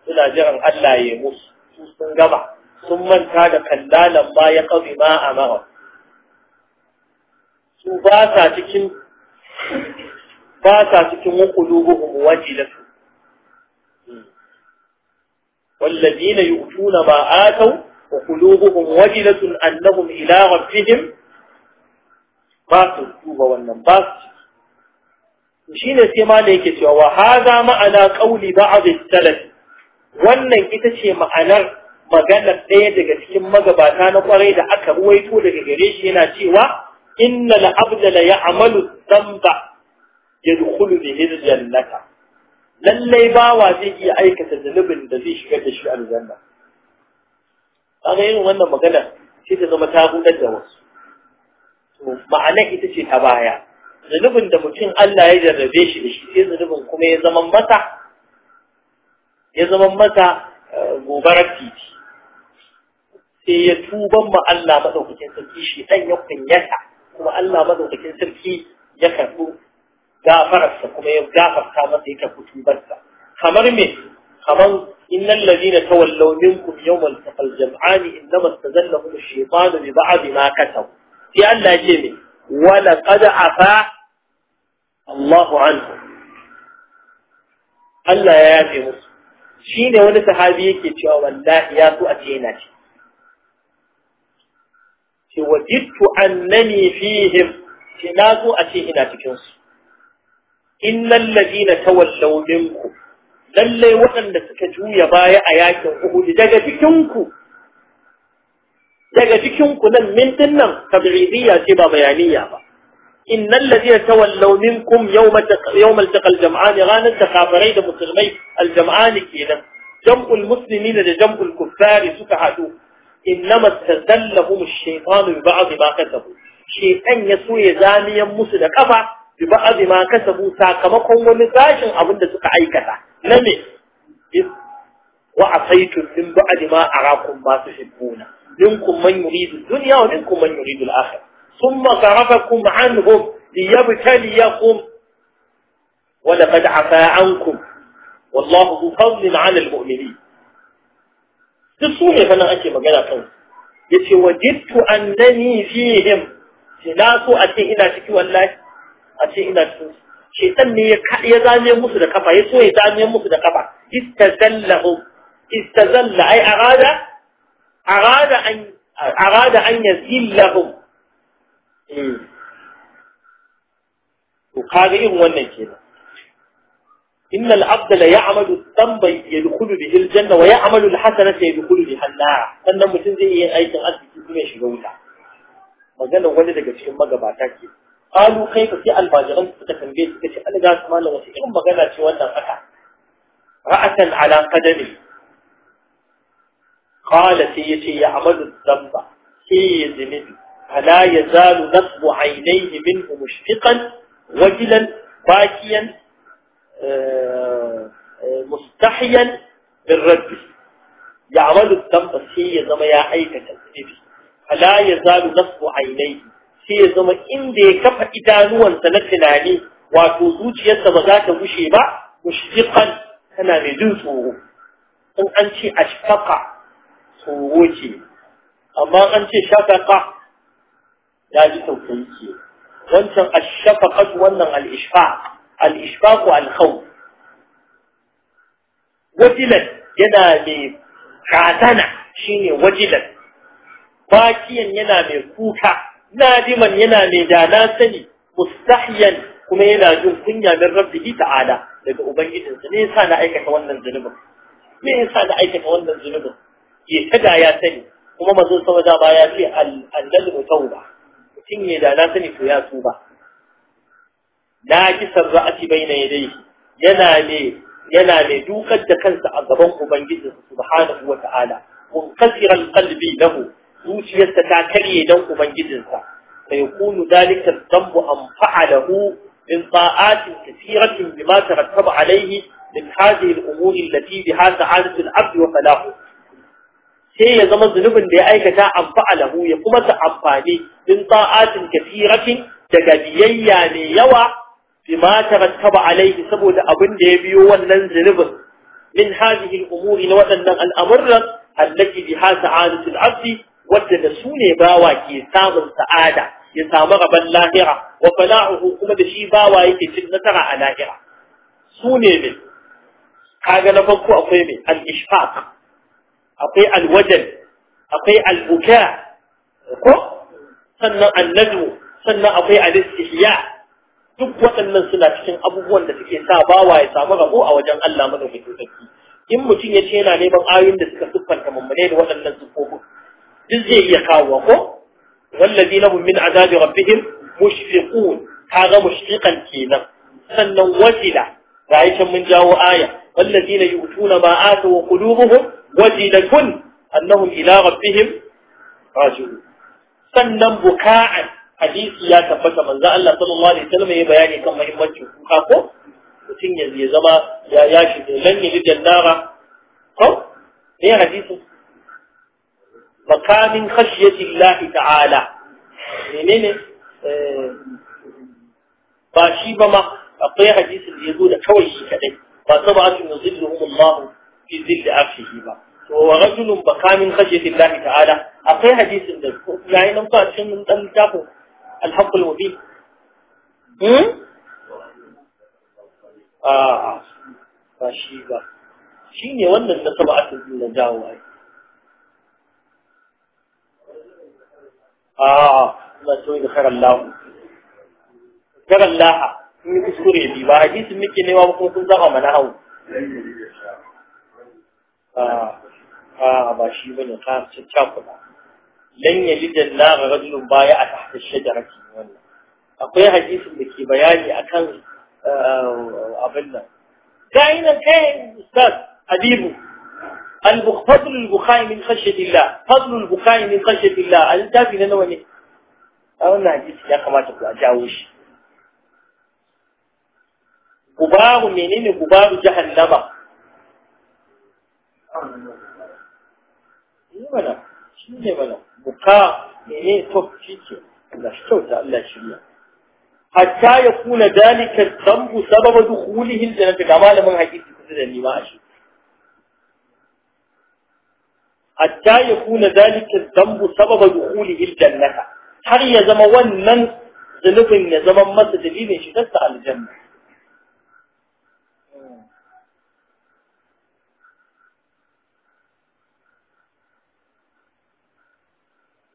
[SPEAKER 1] suna jiran Allah ya musu su sun gama sun manta da kallalan ma ya kabi ma a mara su ba sa cikin ba sa cikin wukulubuhum wajilatu والذين يؤتون ما آتوا وقلوبهم وجلة أنهم إلى ربهم ما تلتوه والنباس ne sai ma da yake cewa wa haza ma'ana qawli ba'd salaf wannan ita ce ma'anar maganar ɗaya daga cikin magabata na kwarai da aka ruwaito daga gare shi yana cewa inna al-abda la ya'malu dhanba yadkhulu bihi al-jannata lallai bawa zai iya aikata zanubin da zai shigar da shi aljanna kaga yin wannan magana sai ta zama ta gudar da wasu to ma'ana ita ce ta baya zunubin da mutum Allah ya jarrabe shi da shi sai zunubin kuma ya zama mata ya zama mata eh, gobarar titi sai ya tuban ma Allah madaukakin sarki shi dan ya kunyata kuma Allah madaukakin sarki ya karɓo gafararsa kuma ya gafarta masa ya karbu tubarsa kamar me kamar إن الذين تولوا منكم يوم التقى الجمعان إنما استزلهم الشيطان ببعض ما كسبوا في أن لا جميل ولقد عفا الله عنه Allah ya yafe musu shi ne wani sahabi yake cewa wallahi ya so a ce yana ce ce wajidtu annani fihim ce na so a ce ina cikin su innal ladina lallai waɗanda suka juya baya a yakin Uhud daga cikin daga cikin ku nan min din nan tabi'idiyya ce ba bayaniya ba innal ladina tawallaw minkum yawma yawma altaqal jam'an ghanat takafirai da musulmai aljam'an kidan jam'ul muslimina da jam'ul kuffar suka hadu innama tazallahum ash shaytan bi ba'd ma kasabu shaytan ya so ya zamiyan musu da kafa bi ba'd ma kasabu sakamakon wani sashin abin da suka aikata na me wa asaytu min ba'd ma arakum ba su tuhibbuna منكم من يريد الدنيا ومنكم من يريد الاخره ثم صرفكم عنهم ليبتليكم ولقد عفا عنكم والله فضل على المؤمنين تصومي فانا أكي مقالة يتي وجدت أنني فيهم سلاسو أتي إنا تكي والله أتي إنا تكي شيطان يكأي داني كفا يسوي داني مصد كفا استزلهم استزل أي أغادة أراد أن أراد أن يذلهم وقارئهم والنجين إن العبد يعمل الضنب يدخل به الجنة ويعمل الحسنة يدخل به النار أنه متنزئ إيه أي تغذي في الدنيا شغولة ما قال له ولده قد شئ مقبع تاكي قالوا خيف في الباجران تتكن بيت قد شئ أنا قاس ما لغسي إغم بغلات شوانا فتح رأسا على قدمه قال يتي يعمل الذنب في ذنب ألا يزال نصب عينيه منه مشفقا وجلا باكيا آه، آه، مستحيا بالرد يعمل الذنب في ذنب يا عيكة الذنب ألا يزال نصب عينيه في ذنب إن دي كفا إدانوا سنتنا لي وتوزوج يسمزاك مشيبا مشفقا أنا مدوثه أن أنت أشفقا tsoro amma an ce shafaka ya ji tausayi ke wancan a wannan al-ishfaq al-ishfaq al-khawf wajilan yana mai katana shine wajilan bakiyan yana mai kuka nadiman yana mai dana sani mustahyan kuma yana jin kunya min rabbihi ta'ala daga ubangijinsa ne yasa na aikata wannan zunubin me yasa na aikata wannan zunubin ya ta ya sani kuma mazo sama da ba ya ce al-dalmu ba. mutum ya da na sani to ya tuba la kisar ra'ati baina yadayhi yana ne yana ne dukar da kansa a gaban ubangiji subhanahu wata'ala munkasir al-qalbi lahu zuciyarsa ta karye dan ubangijinsa sai kunu dalika dhanbu an fa'alahu min ta'atin kathiratin bima tarattaba alayhi min hadhihi al-umuri allati biha sa'adatu al-'abd wa falahuhu sai ya zama zunubin da ya aikata amfa'a lahu ya kuma ta amfani din ta'atin kathiratin daga biyayya ne yawa bima tarattaba alaihi saboda abin da ya biyo wannan zunubin min hadhihi al-umuri na waɗannan al'amuran allati biha sa'adatu al wadda da su ne bawa ke samun sa'ada ya samu rabon lahira wa fala'uhu kuma da shi bawa yake cin nasara a lahira su ne ne kaga na farko akwai mai al-ishfaq akwai alwajen akwai albuka ko sannan annadu sannan akwai alistihya duk waɗannan suna cikin abubuwan da suke sa bawa ya samu rabo a wajen Allah madaukakin sarki in mutum ya ce yana neman ayoyin da suka siffanta mummune da waɗannan siffofin duk zai iya kawo ko wallazina na min azabi rabbihim mushfiqun kaga mushfiqan kenan sannan wajila ga mun jawo aya wallazina yu'tuna ma wa qulubuhum da kun annahu ila rabbihim راجعون sannan buka'an hadisi ya tabbata manzo Allah sallallahu alaihi wasallam ya bayani kan muhimmancin kuka ko mutum ya ya zama ya ya shi lan yi jannara ko ne hadisi makamin khashyati Allah ta'ala menene ba shi ba ma akwai hadisin da yazo da kawai shi kadai ba an yuzilluhum Allah fi zilli arshihi ba to wa rajulun baka min khashyati Allah ta'ala akwai hadisin da yayin nan ba cin dan littafin al-haqqul hmm a ba shi ba ne wannan na a na dawo ai آه ما سوي خير الله خير الله من Hadisin muke وحديث مكي نيوا بكم كن زغا منهو a ba shi bane ka cakuɗa lan yalid an ga rajulun baya a tahta shajarati wannan akwai hadisin da ke bayani akan eh, abin nan kai nan kai ustaz habibu al الفضل البخاي من خشية الله فضل البخاي من خشية الله أنت في نوع a wannan hadisi ya kamata ku a jawo shi gubaru menene gubaru jahannama yi mana shi ne mana buka ne to shi ke Allah shi kyauta Allah shirya hatta ya kuna dalika zambu sababa dukhulihi aljannati ga malamin hakiki kusa da ni ma a shi hatta ya kuna dalika zambu sababa dukhulihi aljannata har ya zama wannan zunubin ya zama masa dalilin shi ta aljanna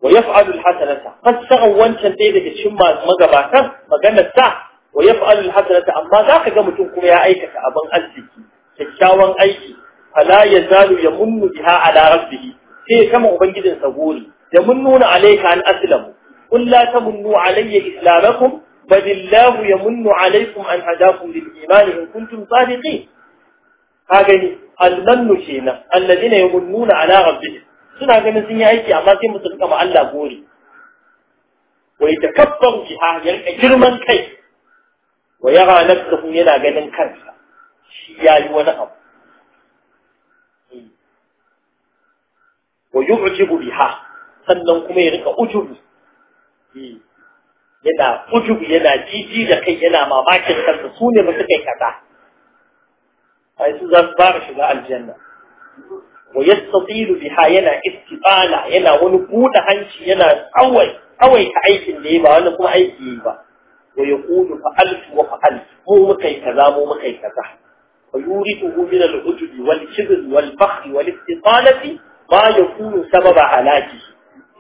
[SPEAKER 1] wa yaf'alul hasanata fassara wancan ɗaya daga cikin magabatan maganar ta wa yaf'alul hasanata amma zaka ga mutum kuma ya aikata abin arziki kyakkyawan aiki fala yazalu yamunnu biha ala rabbihi sai kama ubangijin sa gori yamunnuna alayka an aslamu qul la tamunnu alayya islamakum bal illahu yamunnu alaykum an hadakum lil iman in kuntum sadiqin ka gani kenan alladhina suna ganin sun yi aiki amma sai musu rika Allah gori da yatakabbaru biha ya rika girman kai wa yara nafsuhu yana ganin kansa shi ya yi wani abu wa yu'jibu biha sannan kuma ya rika ujubu yana ujubu yana jiji da kai yana mamakin kansa su ne ba su kai kaza ai su za su fara shiga aljanna wa yastatilu biha yana istibala yana wani buɗe hanci yana tsawai tsawai ta aikin da ya ba wani kuma aiki yi ba wa yaqulu fa alf wa fa alf mu muka yi kaza mu muka yi kaza fa yuridu min al ujubi wal kibr wal fakhr wal istiqalati ma yakunu sababa halaki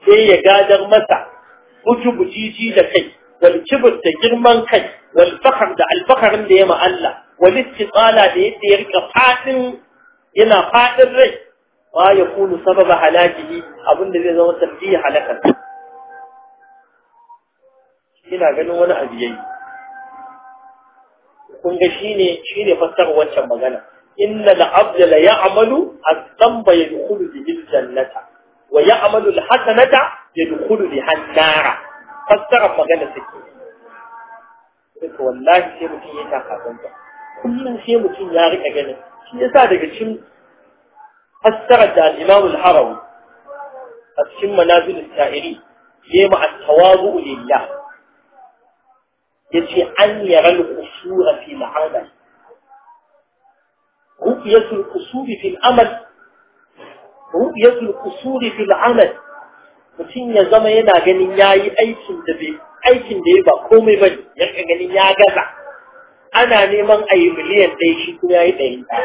[SPEAKER 1] sai ya gadar masa ujubu jiji da kai wal kibr da girman kai wal fakhr da al fakhrin da ya ma Allah wal istiqala da yadda ya rika fadin yana fadin rai wa ya kunu sababa halakihi abinda zai zama sabbi halakar ina ganin wani abu yayi kun ga shine shine fassar wancan magana inna al-abda la ya'malu as-samba yadkhulu bil jannata wa ya'malu al-hasanata yadkhulu bi hannara nara magana take to wallahi sai mutum ya ta kasanta kullum sai mutum ya rika ganin shi yasa daga cikin fassarar الإمام al-Imam al السائري يمع التواضع لله يجي أن يرى القصور في العمل رؤية القصور في العمل رؤية القصور في العمل mutum ya zama yana ganin ya yi aikin da bai aikin da ya ba komai ba ya ka ganin ya gaza ana neman a yi miliyan ɗaya shi kuma ya yi ɗari ɗaya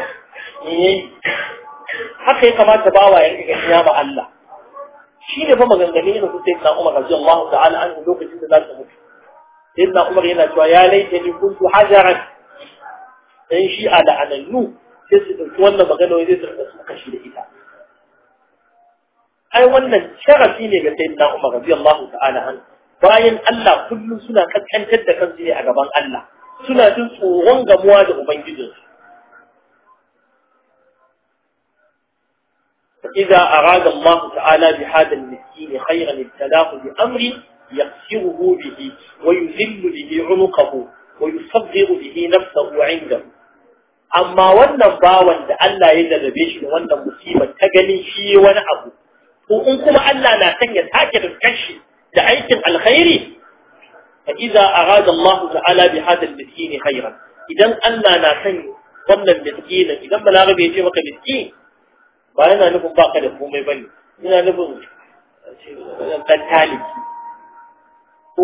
[SPEAKER 1] haka ya kamata bawa ya rika ganiya Allah shi ne fa maganganun irin su sayyidina Umar radiyallahu ta'ala anhu lokacin da za su mutu sayyidina Umar yana cewa ya laita ni kuntu hajaran dan shi a la'anannu sai su ɗauki wannan magana wai zai tsarka su kashi da ita ai wannan sharafi ne ga sayyidina Umar radiyallahu ta'ala an bayan Allah kullum suna kaskantar da kansu ne a gaban Allah suna jin tsoron gamuwa da ubangijinsu فإذا أراد الله تعالى بهذا المسكين خيرا ابتلاه بأمر يقصره به ويذل به عنقه ويصغر به نفسه عنده amma wannan bawan da Allah ya jarrabe shi da wannan musibar ta ganin shi wani abu ko in kuma Allah na san ya take kashi da aikin alkhairi fa idza arada Allah ta'ala bi hada al-miskin khairan idan Allah na san wannan miskin idan balagha bai ce maka miskin ba yana nufin baka da komai ba ne? yana nufin ɗan taliki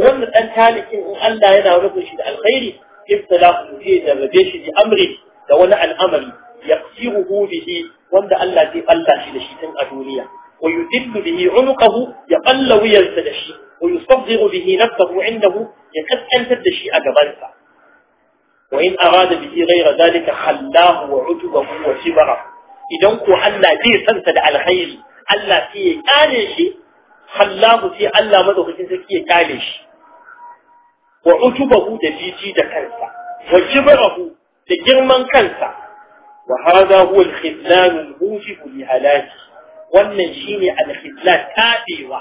[SPEAKER 1] wannan ɗan talikin in Allah yana nufin shi da alkhairi ibtalahu zai jarrabe shi bi amri da wani al'amari yaqsiruhu bihi wanda Allah zai balla shi da shi tun a duniya wa yudillu bihi unuqahu ya balla wuyarsa da shi wa yusabbiru bihi nafsahu indahu ya kaskantar da shi a gabansa وإن أراد به غير ذلك حلاه وعجبه وشبره idan ko Allah zai santa da alkhairi Allah sai ya kare shi Allahu sai Allah madaukakin sarki ya kare shi wa utubahu da jiji da kansa wa kibrahu da girman kansa wa hada huwa al-khizlan al-mujib li halaki wannan shine al-khizlan tabewa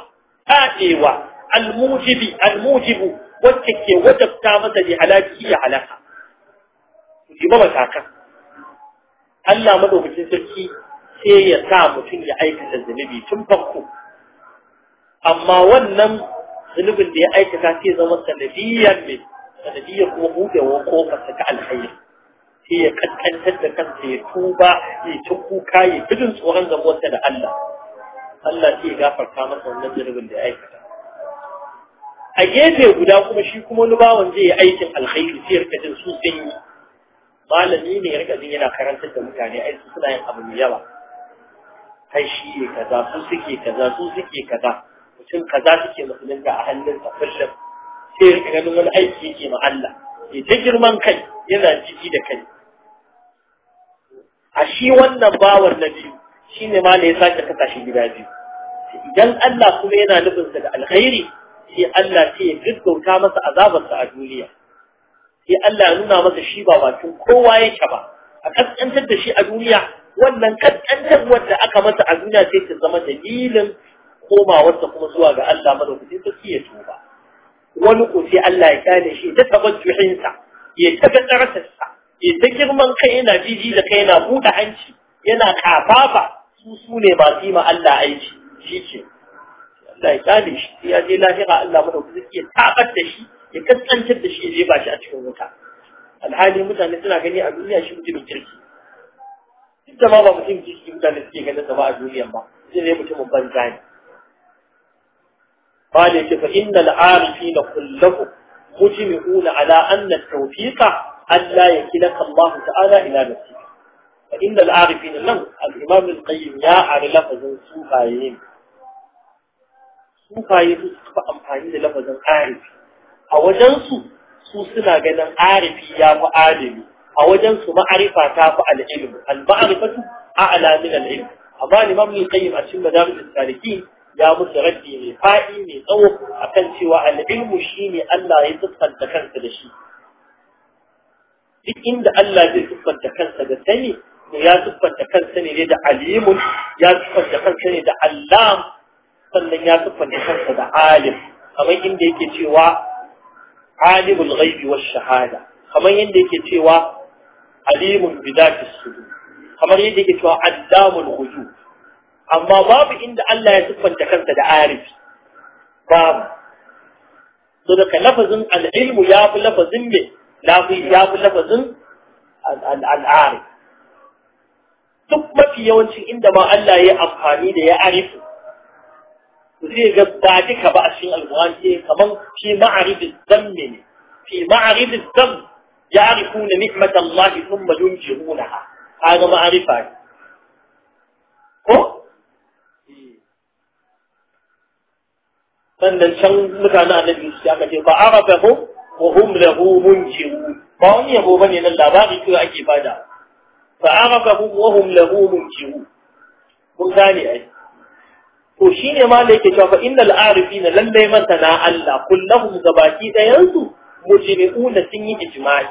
[SPEAKER 1] tabewa al-mujib al-mujib wacce ke wajabta masa li halaki ya halaka ji ba Allah madaukakin sarki sai ya sa mutum ya aikata zunubi tun farko amma wannan zunubin da ya aikata sai zama sanadiyyar ne, sanadiyyar kuma buɗewar kofarsa ta alhairi sai ya kankantar da kansa ya tuba ya ci kuka ya fi jin tsoron gabuwarsa da Allah Allah sai ya gafarta masa wannan zunubin da ya aikata a gefe guda kuma shi kuma wani bawan zai yi aikin alkhairi sai ya rika jin su sanyi malami ne ya rika jin yana karantar da mutane ai su suna yin abu mai yawa kai shi ne kaza su suke kaza su suke kaza mutum kaza suke musulunta a hannunsa kullum sai ya wani aiki yake ma Allah ya ta girman kai yana jiki da kai a shi wannan bawan na biyu shi ne ma ya sake kasa shi gida biyu idan Allah kuma yana nufinsa da alkhairi sai Allah sai ya gaggauta masa azabarsa a duniya sai Allah ya nuna masa shi ba bakin kowa yake ba a kaskantar da shi a duniya wannan kaskantar wanda aka masa a duniya sai ta zama dalilin komawarsa kuma zuwa ga Allah kuɗi sarki ya tuba wani ko sai Allah ya kyale shi ta tabajjuhinsa ya ta gadarsa ya ta girman kai yana jiji da kai yana buɗe hanci yana kafafa su su ne masu yi ma Allah aiki shi ce Allah ya kyale shi ya je lahira Allah madaukakin sarki ya tabar da shi ya kaskantar da shi ya ba shi a cikin wuta alhali mutane suna gani a duniya shi mutumin kirki duk da ma ba mutum kirki mutane suke ganin sa ba a duniyan ba zai ne mutumin banza ne قال يكفى إن العارفين كلهم مجمعون على أن التوفيق أن لا يكلك الله تعالى إلى نفسك فإن العارفين له الإمام القيم يا عرف سوفايين سوفايين سوفا أمحاني لفظ عارف a wajensu su suna ganin arifi ya fi alimi a wajensu ma'arifa ta fi al'ilmi al-ma'arifatu a'la min al-ilm amma Imam Ibn Qayyim a cikin Madarij tsariki ya musu raddi mai faɗi mai tsawo akan cewa al shi shine Allah ya tsanta kansa da shi duk inda Allah zai siffanta kansa da sani to ya siffanta kansa ne da alimun ya siffanta kansa ne da allam sannan ya siffanta kansa da alim kamar inda yake cewa alimul ghaibi wash shahada kamar yadda yake cewa alimun bidatis sudur kamar yadda yake cewa addamul ghuyub amma babu inda Allah ya siffanta kansa da arifi babu so daga lafazin al-ilmu ya fi lafazin me ya fi lafazin al-arif duk mafi yawancin inda ma Allah ya amfani da ya arifu zai ga ba duka ba a cikin alƙur'ani sai eh, kaman fi ma'aridiz zammi ne fi ma'aridiz zammi يعرفون نعمة الله ثم ينكرونها هذا ma'arifa ko sannan can mutanen annabi su aka ce ba arafa ko wa hum lahu munkiru ba wani yabo bane nan labari ko ake fada fa arafa ko wa hum lahu munkiru kun gane ai to shine ma da yake cewa fa innal arifina lallai masana Allah kullahum gabaki dayan su mujmi'una sun yi ijma'i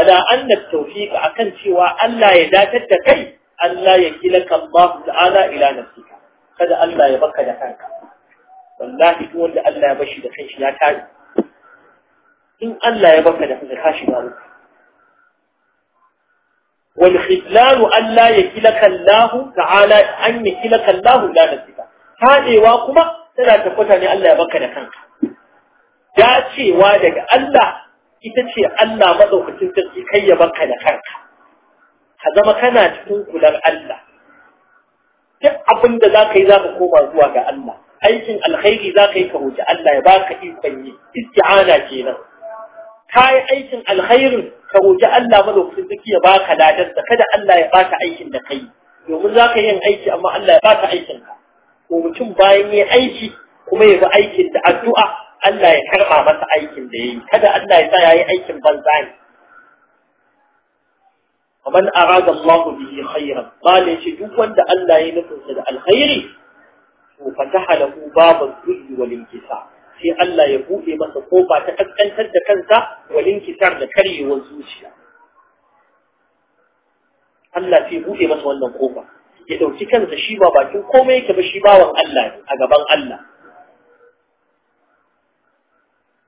[SPEAKER 1] ala anna tawfiq akan cewa Allah ya datar da kai Allah ya kilaka Allah ta'ala ila nafsika kada Allah ya baka da kanka wallahi duk wanda Allah ya bashi da kanshi ya tare in Allah ya baka da kanka ka shiga ruwa wal khidlan Allah ya kilaka Allah ta'ala an ya kilaka Allah la nafsika faɗewa kuma tana tabbata ne Allah ya baka da kanka dacewa daga Allah ita ce Allah madaukakin sarki kai ya baka da kanka ka zama kana cikin kular Allah duk abin da za ka yi za ka koma zuwa ga Allah aikin alkhairi za ka yi ka roƙi Allah ya baka ikon yi isti'ana kenan ka yi aikin alkhairin ka roƙi Allah madaukakin sarki ya baka ladarsa kada Allah ya baka aikin da kai domin za ka yin aiki amma Allah ya baka aikin ka ko mutum bayan ya aiki kuma ya bi aikin da addu'a Allah ya karɓa masa aikin da ya yi kada Allah ya sa ya aikin banza ne ومن أراد الله ya خيرا قال يشدوك وانت ألا ينفس الخير وفتح له باب الذل والانكسار sai Allah ya buɗe masa kofa ta ƙasƙantar da kansa walin kisar da karyewar zuciya. Allah sai buɗe masa wannan kofa. ya ɗauki kansa shi ba bakin komai yake ba shi bawan Allah ne a gaban Allah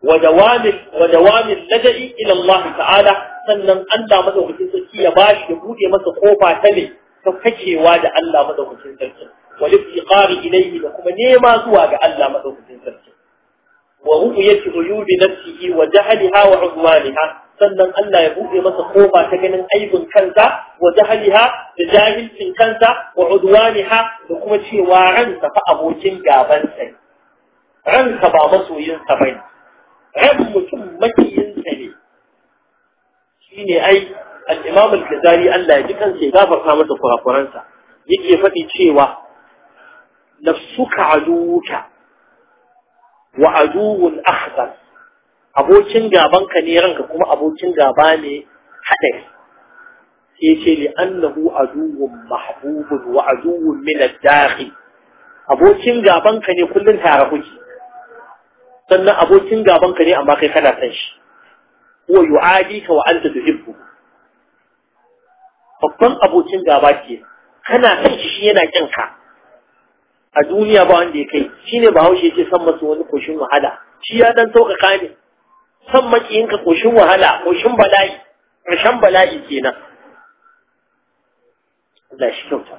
[SPEAKER 1] wa dawamin lada'i ila Allah ta'ala sannan Allah madaukakin sarki ya bashi ya buɗe masa kofa ta ne ta da Allah madaukakin sarki wal iftiqari ilayhi da kuma nema zuwa ga Allah madaukakin sarki wa ru'yati uyubi nafsihi wa jahliha wa udwaniha sannan Allah ya buɗe masa kofa ta ganin aibin kansa wa jahaliha da jahilcin kansa wa udwaniha da kuma cewa ransa fa abokin gaban sa ranka ba masoyin sa bane ran mutum makiyin sa ne shine ai al-Imam al-Ghazali Allah ya ji kansa ya gafarta masa kurakuransa yake faɗi cewa nafsuka aduka wa aduwun akhzar abokin gaban ka ne ranka kuma abokin gaba ne hadari ke ce li annahu aduwwun mahbubun wa aduwwun min ad-dakhil abokin gaban ka ne kullun tare kuke sannan abokin gaban ka ne amma kai kana san shi wa yu'adika wa anta tuhibbu babban abokin gaba ke kana san shi shi yana kin ka a duniya ba wanda ya kai shine bahaushe ce san masa wani koshin wahala shi ya dan sauƙaƙa ne san maƙiyinka ƙoshin wahala ƙoshin bala'i ƙarshen bala'i kenan Allah shi kyauta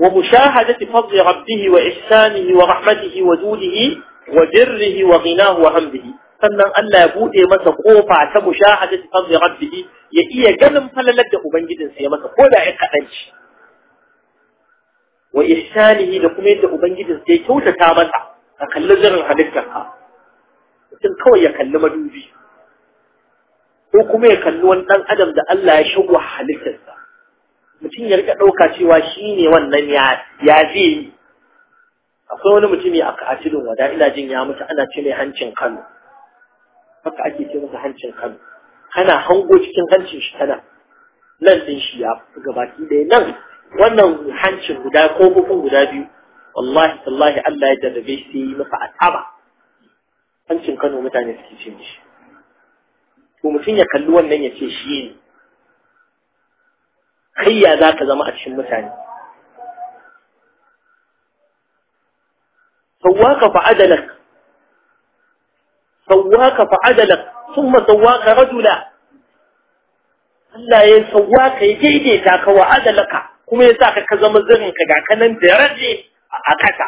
[SPEAKER 1] wa mushahadati fadli rabbihi wa ihsanihi wa rahmatihi wa judihi wa birrihi wa ghinahu wa hamdihi sannan Allah ya bude masa kofa ta mushahadati fadli rabbihi ya iya ganin falalar da ubangijinsa ya masa ko da ya kadanci wa ihsanihi da kuma yadda ubangijinsa ya kyautata masa ka kalli zirin halittar mutum kawai ya kalli madubi ko kuma ya kalli wani ɗan adam da Allah ya shigo halittarsa mutum ya rika ɗauka cewa shi ne wannan ya zai yi akwai wani mutum aka a don wada ina jin ya mutu ana ce mai hancin kano haka ake ce masa hancin kano kana hango cikin hancin shi tana nan din shi ya gabaki ɗaya nan wannan hancin guda ko guda biyu والله الله الله يجب بيشتي مفع أتعبا أنتم كانوا متى نسكيشين ومثين يكلون من يتشيشين خي ذاك زماء تشم متى سواك فعدلك سواك فعدلك ثم سواك رجلا الله يسواك يجيدك وعدلك كما يساك كذا الزرن كذا كنن درجه a ƙasa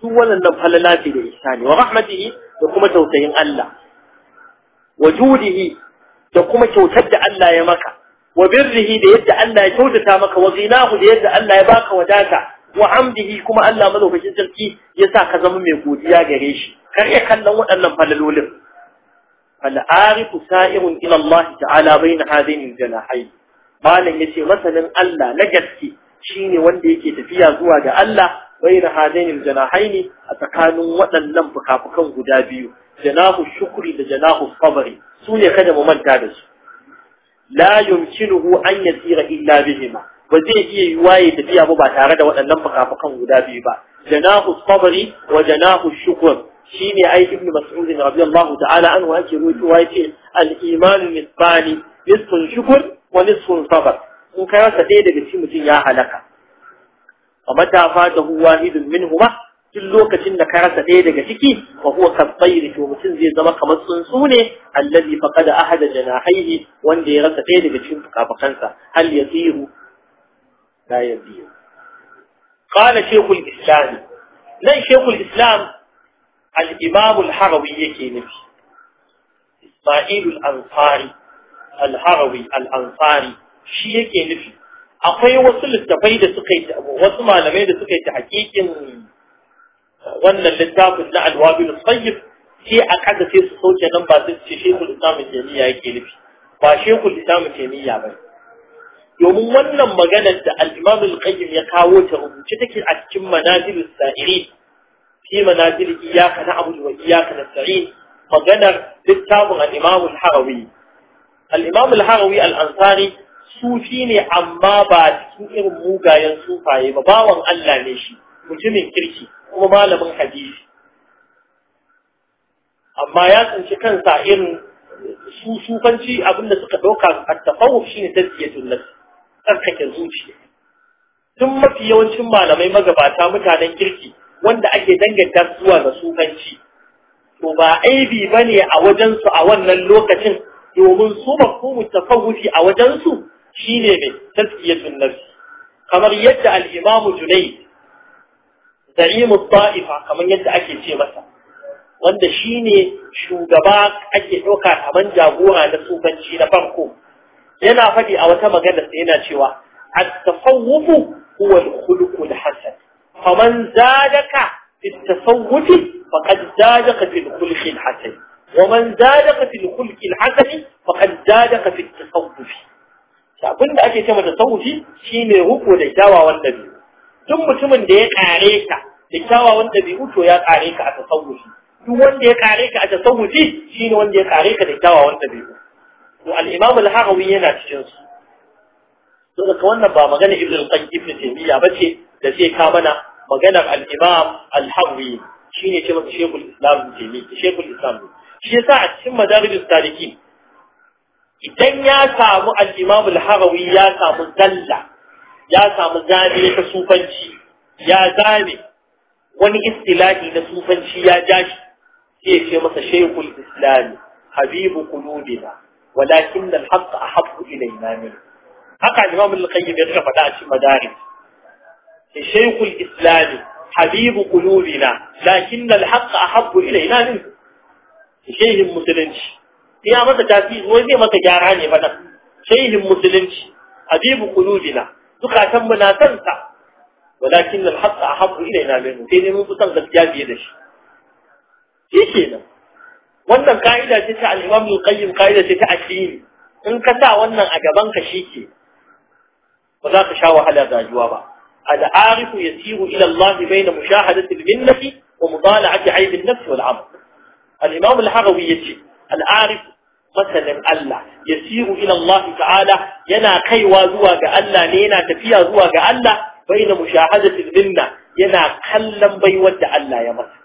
[SPEAKER 1] su waɗannan falala ce da ihsani wa rahmatihi da kuma tausayin Allah wa judihi da kuma kyautar da Allah ya maka wa birrihi da yadda Allah ya kyautata maka wa zinahu da yadda Allah ya baka wadata wa hamdihi kuma Allah madaukakin sarki ya sa ka zama mai godiya gare shi kar ya kallon waɗannan falalolin fal arifu sa'irun ila Allah ta'ala baina hadaini janahayn malam yace masanin Allah na gaske shine wanda yake tafiya zuwa ga Allah bayna hadainil janahaini a tsakanin waɗannan fukafukan guda biyu janahu shukri da janahu sabri su ne kada mu manta da su la yumkinuhu an yasira illa bihima ba zai iya yiwa ya tafiya ba ba tare da waɗannan fukafukan guda biyu ba janahu sabri wa janahu shukr shine ai ibnu mas'ud radiyallahu ta'ala anhu ake ruwaitowa yace al-imanu nisbani nisfun shukr ونصف صبر إن كان سديد بسيمة يا هلك ومتى فاته واحد منهما تلوك إن كان سديد جتكي وهو كالطير في مسنزي زمق مصنصوني الذي فقد أحد جناحيه وانجير سديد بسيمة كابقنسة هل يسير لا يسير قال شيخ الإسلام لا شيخ الإسلام الإمام الحربي يكي نبي إسرائيل الأنصاري al-harawi al-ansari shi yake nufi akwai wasu littafai da suka wasu malamai da suka yi ta hakikin wannan littafin na al-wabil tayyib sai a kada sai su sauke nan ba sai ce shekul islam taymiya yake nufi ba shekul islam taymiya ba domin wannan maganar da al-imam al-qayyim ya kawo ta rubuce take a cikin manazilus sa'irin fi manazil na na'budu wa na nasta'in maganar littafin al-imam al-harawi al-imam Al'ansari harawi al-ansari sufi ne amma ba cikin irin mugayen sufaye ba bawan Allah ne shi mutumin kirki kuma malamin hadisi amma ya tsinci kansa irin su sufanci abinda suka ɗauka a ne shine ziyar nafs tsarkake zuciya tun mafi yawancin malamai magabata mutanen kirki wanda ake danganta zuwa ga sufanci to ba aibi ba ne a wajensu a wannan lokacin domin su mafhumu tasawufi a wajen su shine mai tazkiyatun nafsi kamar yadda al-imamu Junayd za'imu ta'ifa kamar yadda ake ce masa wanda shine shugaba ake ɗauka kamar jagora na tsufanci na farko yana faɗi a wata magana sai yana cewa التصوف هو الخلق الحسن فمن زادك في التصوف فقد زادك في الخلق الحسن ومن زادك في الخلق الحسن فقد زادك في التصوف abin da ake cewa tasawufi shine ruko da kyawawan dabi'u duk mutumin da ya kare ka da kyawawan dabi'u to ya kare ka a tasawufi duk wanda ya kare ka a tasawufi shine wanda ya kare ka da kyawawan dabi'u to al-imam al-harawi yana cikin su to daga wannan ba magana ibn al-qayyim ibn taymiya bace da sai ka mana maganar al-imam al-harawi shine cewa shaykhul islam taymiya shaykhul islam shi yasa a cikin madarijus saliki idan ya samu al-imam al-harawi ya samu Zalla, ya samu zane ta sufanci ya zane wani istilahi na sufanci ya jashi sai ce masa shaykhul islam habibu qulubina walakin al-haqq ahabbu ilayna min haka al-imam al-qayyim ya faɗa a cikin madarij shaykhul islam habibu qulubina lakin al-haqq ahabbu ilayna min shehin musulunci ya masa tasiri wai zai masa gyara ne fa nan shehin musulunci habibu qulubina zukatan mu na san sa walakin al-haqq ahabbu ilayna minhu sai ne mun fi san gaskiya biye da shi shi kenan wannan ka'ida ce ta al-imam al-qayyim ka'ida ce ta addini in ka sa wannan a gaban ka shike ba za ka sha wahala rayuwa ba al-arifu yasiru ila Allah bayna mushahadati al-minnati wa mudala'ati aib an-nafs wal 'amal al-imam al-hagawi yace al-arif masanin Allah yasiru ila Allah ta'ala yana kaiwa zuwa ga Allah ne yana tafiya zuwa ga Allah baina mushahadati minna yana kallon baiwar da Allah ya masa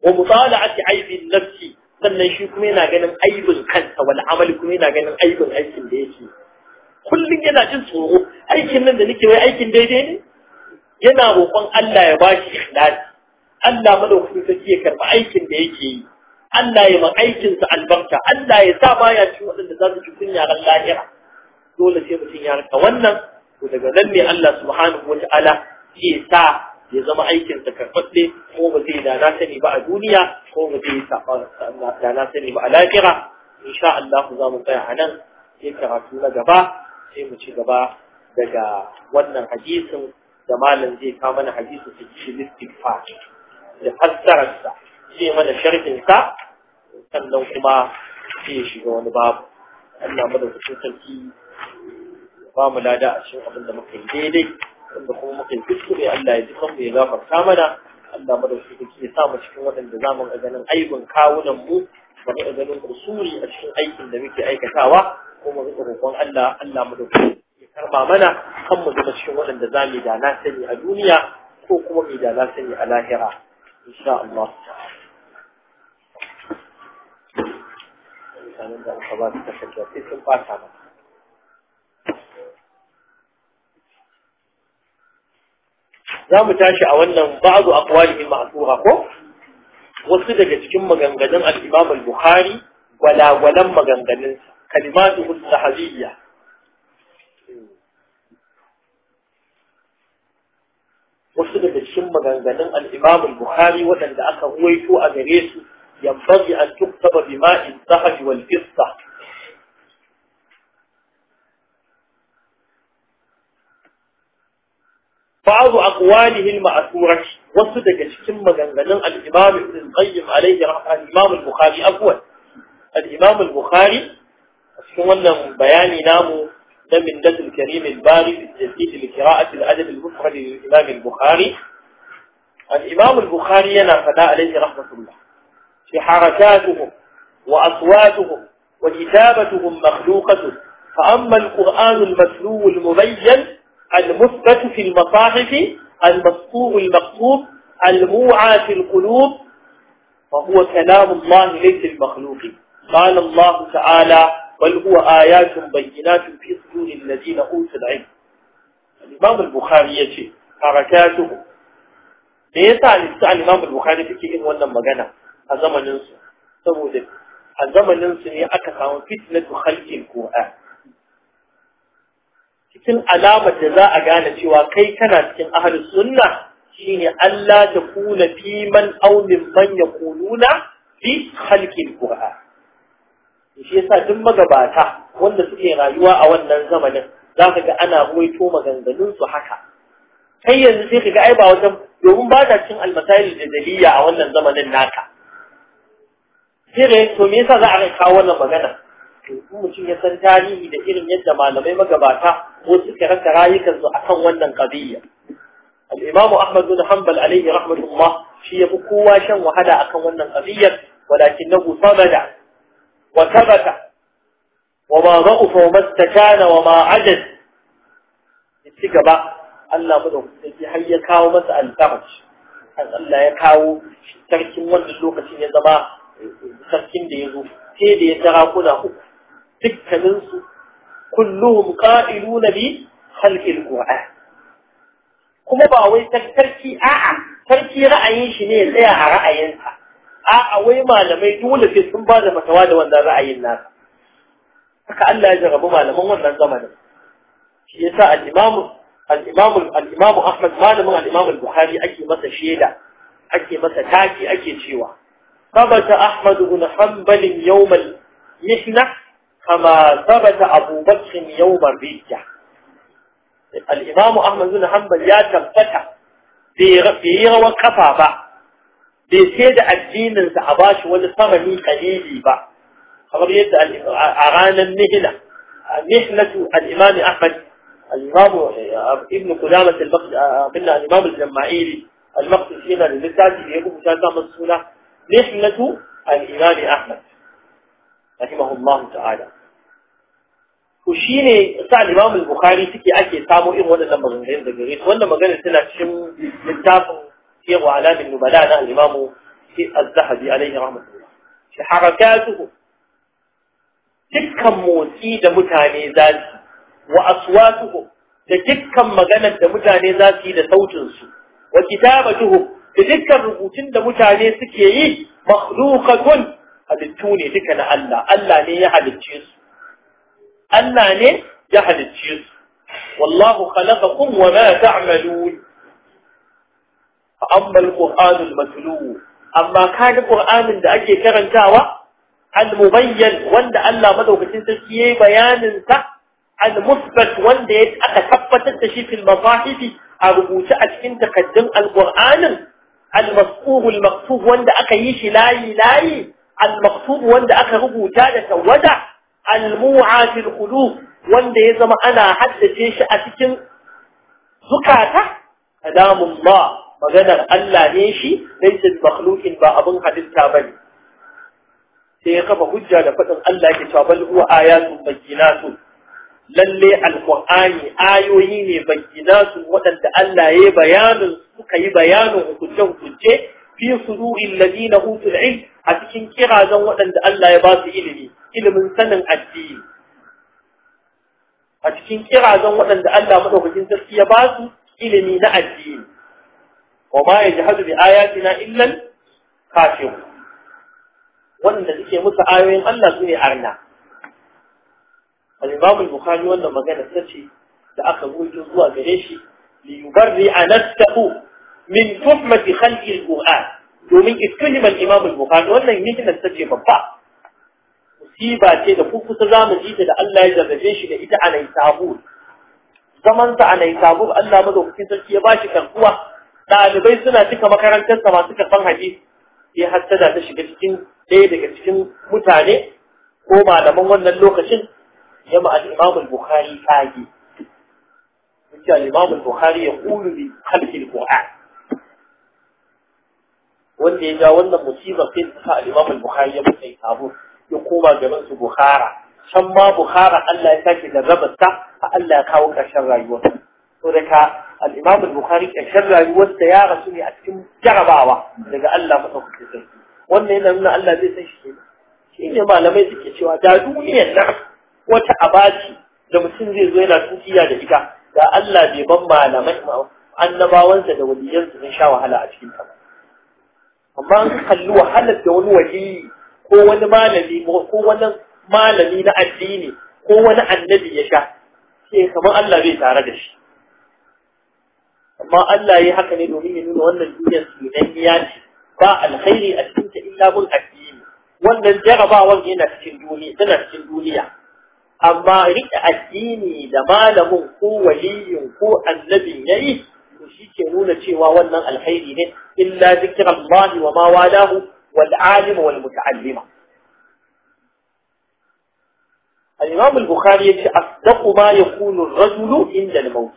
[SPEAKER 1] wa mutala'ati aibin nafsi sannan shi kuma yana ganin aibin kansa wal amali kuma yana ganin aibin aikin da yake kullum yana cin tsoro aikin nan da nake wai aikin daidai ne yana rokon Allah ya bashi ikhlasi Allah madaukakin sarki ya karba aikin da yake yi Allah ya ma aikinsa albarka Allah ya sa baya ci waɗanda za su ci kunya ran lahira dole sai mutum ya rika wannan to daga nan ne Allah subhanahu wa ta'ala sa ya zama aikinsa karɓaɓɓe ko ba zai da na sani ba a duniya ko ba zai da na sani ba a lahira insha Allah za mu tsaya a nan sai karatu na gaba sai mu ci gaba daga wannan hadisin da malam zai kawo mana hadisin su ci istighfar da fassararsa sai mana sharhinsa sannan kuma sai ya shiga wani babu Allah madaukakin sarki ba mu lada a cikin abin da muka yi daidai wanda kuma muka yi kuskure Allah ya ji mu ya gafarta mana Allah madaukakin sarki ya sa mu cikin waɗanda za mu ga ganin aibin kawunan mu ba mu ga ganin kusuri a cikin aikin da muke aikatawa ko mu riƙa roƙon Allah Allah madaukakin ya karba mana kan mu zama cikin waɗanda za mu yi da na sani a duniya ko kuma mu yi da na sani a lahira إن شاء الله za mu tashi a wannan ba'adu aqwalihim ko wasu daga cikin maganganun alimamul buhari al-Bukhari gwalagwalan maganganun kalimatu tahziyya cikin al-Imam al-Bukhari waɗanda aka ruwaito a gare su yanbaghi an tuktaba bima'in wal qissa بعض أقواله المأثورة وصدق شكم مغنغنن الإمام ابن القيم عليه رحمة الإمام البخاري أول الإمام البخاري أسكن بياني نامو من ندد الكريم الباري في التجديد لقراءة الأدب المفرد للإمام البخاري الإمام البخاري ينافدا عليه رحمة الله في حركاتهم وأصواتهم وكتابتهم مخلوقة فأما القرآن المتلو المبين المثبت في المصاحف المسطور المكتوب الموعى في القلوب فهو كلام الله ليس المخلوق قال الله تعالى بل هو آيات بينات في صدور الذين أوتوا العلم الإمام البخاري يقول حركاته da yasa su al-Imam al-Bukhari suke yin wannan magana a zamaninsu? saboda a zamanin ne aka samu fitnatu khalqil Qur'an cikin alamar da za a gane cewa kai kana cikin ahlus sunna shine Allah ta kula fi man manyan kununa man yaquluna fi khalqil Qur'an shi yasa duk magabata wanda suke rayuwa a wannan zamanin Za ka ga ana ruwaito maganganun haka kai yanzu sai ga ai ba wajen domin ba ta cin almasayar da daliya a wannan zamanin naka sire to me yasa za a kawo wannan magana to mutum ya san tarihi da irin yadda malamai magabata ko suka raka su akan wannan qadiyya al-imamu ahmad bin hanbal alayhi rahmatullah shi ya yafi kowa shan wahala akan wannan qadiyyar walakinahu sabada wa sabata wa ma dha'afa wa mastakana wa ma ajaz ci gaba Allah madaukaki har ya kawo masa alfarj Allah ya kawo sarkin wannan lokacin ya zama sarkin da ya zo sai da ya tara kuna uku dukkanin su kulluhum qa'iluna bi khalqil qur'an kuma ba wai sarki a'a sarki ra'ayin shi ne ya tsaya a ra'ayinsa a'a wai malamai dole sai sun ba da fatawa da wannan ra'ayin nasa haka Allah ya jarrabu malaman wannan zamanin shi yasa al-imamu الإمام الإمام أحمد مالم الإمام البخاري أكي مسا شيدا أكي مسا تاكي أكي شيوا ثبت أحمد بن حنبل يوم المحنة كما ثبت أبو بكر يوم الرجة الإمام أحمد بن حنبل يا تبتك في روى كفا با في سيد الدين الزعباش a قليلي با خبر يد ba kamar yadda a ranar mihina الإمام ابن قدامة المقد قلنا الإمام الجماعيلي المقد فينا للتاج بيقوم بشأن مسؤولة نحلة الإمام أحمد رحمه الله تعالى وشيني سأل الإمام البخاري تكي أكي سامو إيه ولا لما غنغين دقريس ولا ما قال سنة شم للتاف سيغ علام النبلاء الإمام الذهبي عليه رحمة الله في حركاته تكمل إيد متاني ذاتي wa aswatuhum da dukkan maganar da mutane za su yi da sautinsu wa kitabatuhum da dukkan rubutun da mutane suke yi makhluqatun halittu ne duka na Allah Allah ne ya halicce su Allah ne ya halicce su wallahu khalaqakum wa ma ta'malun fa amma al-qur'anul matlu amma kada qur'anin da ake karantawa al-mubayyan wanda Allah madaukakin sarki yayi bayanin sa al-musbat wanda ya aka tabbatar da shi fil mazahifi a rubuce a cikin takaddun al-qur'anin al-masquh al-maktub wanda aka yi shi layi layi al-maktub wanda aka rubuta da tawada al-mu'a fil qulub wanda ya zama ana haddace shi a cikin zukata kalamullah maganar Allah ne shi laysa makhluqin ba abun halitta ne. sai ya kafa hujja da faɗin Allah ke cewa bal huwa ayatun bayyinatun lalle alqur'ani ayoyi ne su waɗanda Allah ya bayanin suka yi bayanin hukunce hukunce fi sudurin ladina hutun ilm a cikin kirazan waɗanda Allah ya ba su ilimi ilimin sanin addini a cikin kirazan waɗanda Allah madaukakin sarki ya ba su ilimi na addini wa ma yajhadu bi ayatina illan kafir wanda suke musu ayoyin Allah su ne arna al al-bukhari wannan magana sace da aka goyo zuwa gare shi li yubarri anastahu min tuhmati khalqi al-qur'an domin iskilima al-imam al-bukhari wannan mihna sace babba musiba ce da kukusa zamu ji ta da Allah ya jarrabe shi da ita a Naisabur zaman sa a Naisabur Allah madaukakin sarki ya bashi karkuwa ɗalibai suna cika makarantarsa masu karɓar hadisi ya hassada ta shiga cikin ɗaya daga cikin mutane ko malaman wannan lokacin جمع الإمام البخاري فاجي وجاء الإمام البخاري يقول بخلف القرآن وانا جاء وانا مصيبة فين فاء الإمام البخاري يبقى يتابون يقوم جمعه بخارة شما بخارة ألا يساك إذا ربطة فألا يقاوك شر يوم وذكا الإمام البخاري أشر يوم سيارة سني أتكم جرباوة لذا ألا مطفق وانا هنا من ألا ديسا شيء شيء ما لم يتكي شوى جادوني النقص wata abaci da mutum zai zo yana tukiya da ita da Allah bai ban malamai annabawansa da waliyansa sun sha wahala a cikin ta amma an kalli wahalar da wani wali ko wani malami ko wani malami na addini ko wani annabi ya sha sai kamar Allah bai tare da shi amma Allah ya haka ne domin ya nuna wannan duniyar ya ce ba alkhairi a cikin ta illa bin addini wannan jarabawar yana cikin duniya cikin duniya أما رئة الديني دماله هو ولي هو النبي يأي يشيكنون تيواوانا الحيرين إلا ذكر الله وما والاه والعالم والمتعلم الإمام البخاري أصدق ما يكون الرجل عند الموت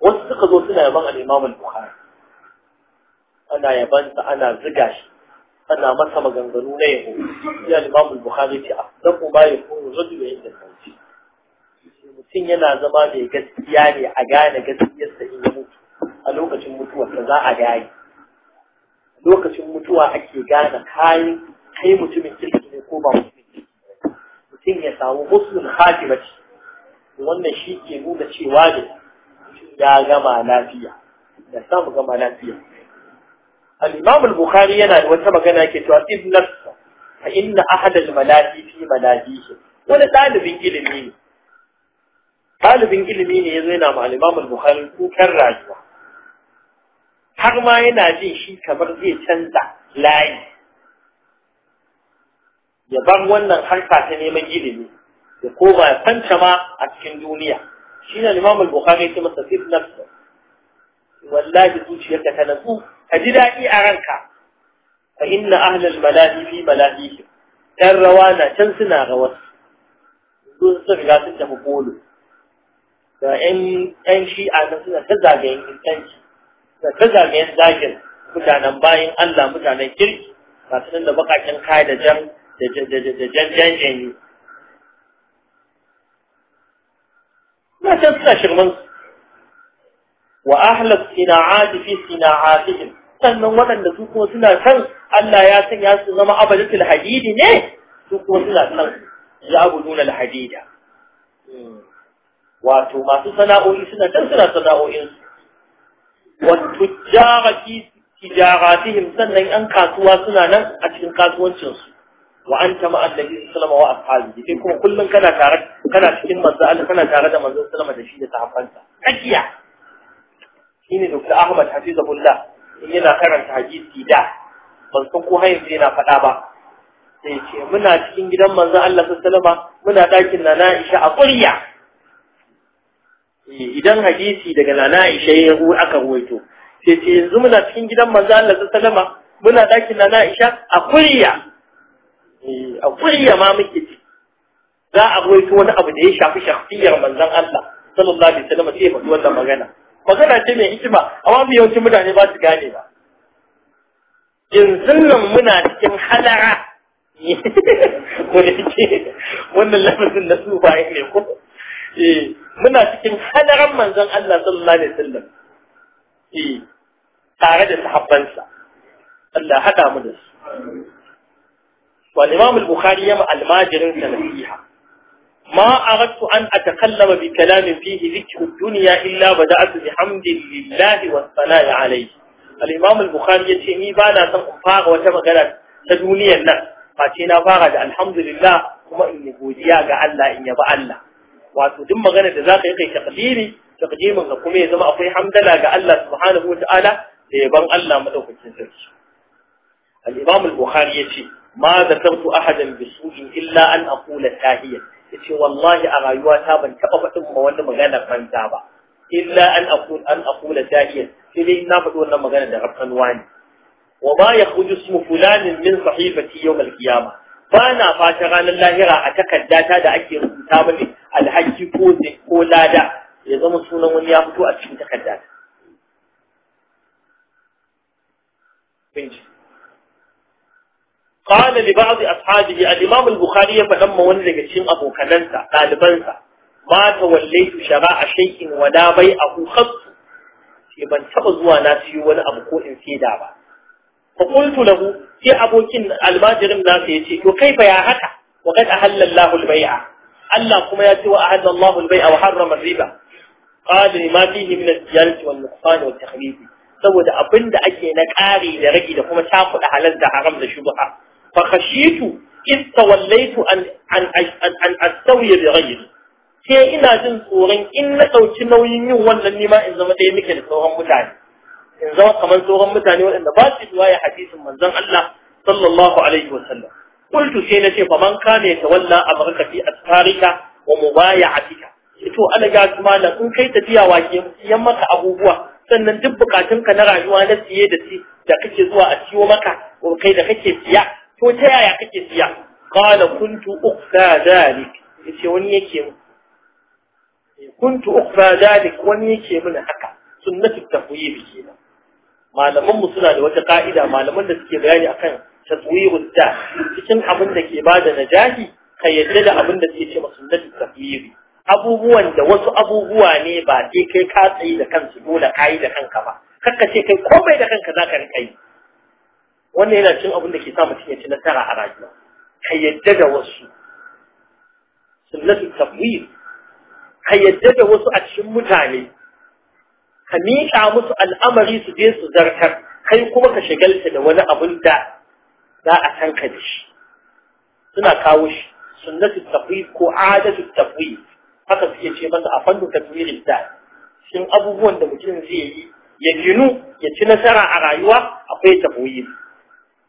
[SPEAKER 1] واستقضوا سنة يبان الإمام البخاري أنا يبان أنا زقاشي ana masa maganganu na yabo ya limamu bukhari ce afdaku ma yakunu rajul inda mauti mutum yana zama mai gaskiya ne a gane gaskiyarsa in ya mutu a lokacin mutuwa ta za a gane lokacin mutuwa ake gane kayan kai mutumin kirki ne ko ba mutumin kirki mutum ya samu husnul khatimati wannan shi ke nuna cewa ne ya gama lafiya da samu gama lafiya al-imam bukhari yana da wata magana yake cewa ibn nafsa fa inna ahad al-malati fi malatihi wani ɗalibin ilimi ne ilimi ne yazo yana ma al-imam bukhari kukan rayuwa har ma yana jin shi kamar zai canza layi ya bar wannan harka ta neman ilimi ya koma ya ma a cikin duniya shi ne imam al-bukhari ya ce masa ibn nafsa wallahi zuciyarka ta ka ji daɗi a ranka fa inna ahlal malahi fi malahihi dan rawa na can suna rawar su su riga sun tafi bolo da ƴan a nan suna ta zagayen intanci suna ta zagayen zagin mutanen bayan Allah mutanen kirki ba su da bakakin kaya da jan da jan yi. Na can suna shirman su wa ahlas sina'ati fi sina'atihim sannan waɗanda su kuma suna kan Allah ya sanya su zama abadatul hadidi ne su kuma suna kan ya'buduna al-hadida wato masu sana'o'i suna kan suna sana'o'in su wa tujjara fi tijaratihim sannan yan kasuwa suna nan a cikin kasuwancin su wa anta ma annabi sallallahu wa ashabi kai kuma kullun kana tare kana cikin manzo Allah kana tare da manzo sallama da shi da sahabbansa kakiya shine Dr. Ahmad Hafizahullah in yana karanta hadisi da ban san ko har yanzu yana faɗa ba sai ce muna cikin gidan manzon Allah sallallahu muna ɗakin na Aisha a ƙurya eh, idan hadisi daga Nana Aisha ya aka ruwaito sai ce yanzu muna cikin gidan manzon Allah sallallahu muna ɗakin na Aisha a ƙurya eh, a ƙurya ma muke ci za a ruwaito wani abu da ya shafi shakhsiyar manzon Allah sallallahu alaihi wasallam sai ya faɗi wannan magana magana ce mai hikima amma mu yawancin mutane ba su gane ba In nan muna cikin halara wannan lafazin na su ba ne ko eh, muna cikin halaran manzon Allah sallallahu alaihi wasallam eh tare da sahabbansa Allah hada mu da su wal imam al-bukhari ya ma almajirin sa ما أردت أن أتكلم بكلام فيه ذكر الدنيا إلا بدأت بحمد لله والثناء عليه الإمام البخاري يتيني بانا سنقفاغ وتمغلا تدوني الناس فاتينا فاغد الحمد لله وما إن بوديا قال إن يبع الله وتدم مغنى ذاك يقي تقديري تقديم لكم يزم أخي حمد لله قال الله سبحانه وتعالى ليبن الله مدوك الجنسل الإمام البخاري يتي ما ذكرت أحدا بسوء إلا أن أقول تاهيا yace wallahi a rayuwa ta ban taɓa faɗin ma wani maganar banza ba illa an aqul an aqula da'iyan sai dai na faɗi wannan magana da rafsanuwa ne wa ya yakhruju ismu fulanin min sahifati yawm al-qiyamah ba na fata ranar lahira a takaddata da ake rubuta mani alhaki ko ko lada ya zama sunan wani ya fito a cikin takaddata. qala li ba'd ashabihi al-imam bukhari ya faɗan ma wani daga cikin abokanansa ɗalibansa ma tawallaitu shara'a shay'in wa la bai'ahu khattu sai ban taba zuwa na siyo wani abu ko in saida ba fa qultu lahu sai abokin almajirin nasa yace to kai fa ya haka wa qad ahalla Allahu Allah kuma ya ce wa ahalla Allahu al-bai'a wa harrama riba qala ma fihi min al-tijarati wal nuqsan saboda abinda ake na kare da rage da kuma shafuɗa halal da haram da shubha fa khashitu istawallaitu an an an astawiya bi sai ina jin tsoron in na ɗauki nauyin yin wannan nima in zama ɗaya muke da sauran mutane in zama kamar sauran mutane waɗanda ba su ya hadisin manzon Allah sallallahu alaihi wa sallam qultu sai nace fa man kana a amraka fi asfarika wa mubayatika to ana ga kuma na in kai tafiya wake yan maka abubuwa sannan duk bukatunka na rayuwa na siye da si da kake zuwa a ciwo maka ko kai da kake siya to ta yaya kake siya qala kuntu ukhfa dalik yace wani yake mu eh, kuntu ukhfa dalik wani yake mun haka sunnatu tafwid malaman mu suna da wata ka'ida malaman da suke bayani akan taswirud ta cikin abin da ke bada najahi ka yadda da abin da yake ce masa sunnatu tafwid abubuwan da wasu abubuwa ne ba sai kai ka tsayi da kansu dole ka da kanka ba kakkace ce kai komai da kanka zaka rika yi wannan yana cin abin da ke sa mutum ya ci nasara a rayuwa ka yadda da wasu sunnatu tafwid ka yadda da wasu a cikin mutane ka miƙa musu al'amari su je su zartar kai kuma ka shagalta da wani abin da za a san ka da shi suna kawo shi sunnatu ko adatu tafwid haka suke ce masa a fannin tafwirin da shin abubuwan da mutum zai yi ya jinu ya ci nasara a rayuwa akwai tafwid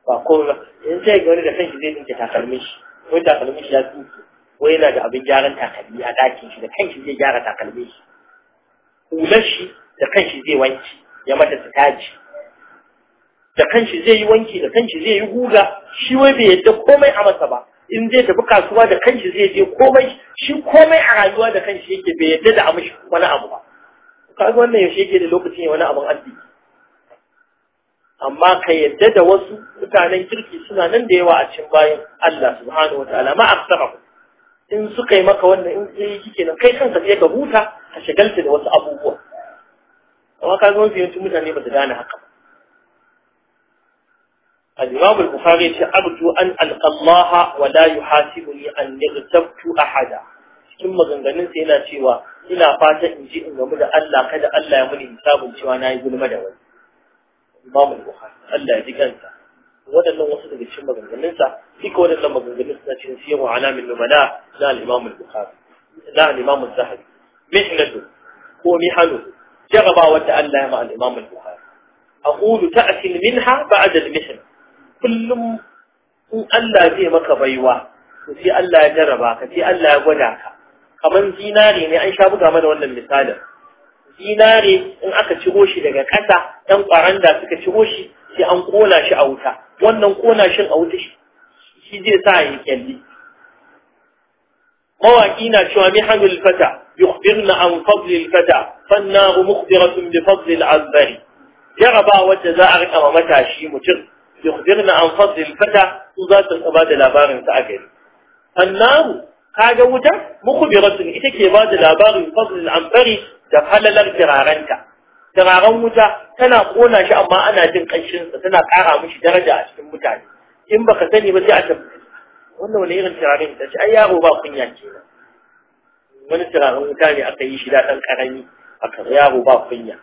[SPEAKER 1] ba komai in sai ga wani da kanki zai dinka takalmin shi ko takalmin shi ya tsuke ko yana da abin gyaran takalmi a ɗakin shi da kanki zai gyara takalmin shi hular shi da kanki zai wanki ya mata sitaji. da kanki zai yi wanki da kanki zai yi guga shi wai bai yadda komai a masa ba in zai tafi kasuwa da kanki zai je komai shi komai a rayuwa da kanki yake bai yadda da amshi wani abu ba kaga wannan yaushe yake da lokacin ya wani abun arziki amma ka yadda da wasu mutanen kirki suna nan da yawa a cikin bayan Allah subhanahu wataala ma aksarahu in suka yi maka wannan in sai kike nan kai kanka sai ka huta ka shagalta da wasu abubuwa amma ka ga wasu mutane ba su gane haka الإمام البخاري أرجو أن ألقى الله ولا يحاسبني أن اغتبت أحدا cikin maganganun sai yana cewa ina fata in ji in gamu da Allah kada Allah ya muni hisabun cewa na yi gulma da wani Imam Bukhari Allah ya ji kansa waɗannan wasu daga cikin maganganun maganganunsa duka waɗannan maganganun suna cikin siyan wa alamin nubala da al-Imam Bukhari da al-Imam Zahabi mihnatu ko mihanu jarabawar wata Allah ya ma al-Imam Bukhari aqulu ta'til minha ba'da al-mihn kullum in Allah zai maka baiwa to sai Allah ya jaraba ka sai Allah ya gwada ka kaman zinare ne an sha buga mana wannan misalin dinare in aka ciro shi daga ƙasa ɗan ƙwaranda suka ciro shi sai an ƙona shi a wuta wannan ƙona shin a wuta shi zai sa ya kyalli mawaƙi na cewa mihanul fata yukhbirna an fadlil fata fannahu mukhbiratun bi fadlil azbari jaraba wacce za a rika ma matashi mutum yukhbirna an fadlil fata su za su ba da labarin sa a gari fannahu kaga wuta mukhbiratun ita ke ba da labarin fadlil azbari da falalar turarenta turaren wuta tana kona shi amma ana jin ƙanshinsa tana ƙara mishi daraja a cikin mutane in baka sani ba sai a tabbata wannan wani irin turaren ta ce ai yaro ba kunya kenan wani turaren wuta ne aka yi shi da ɗan ƙarami aka yaro ba kunya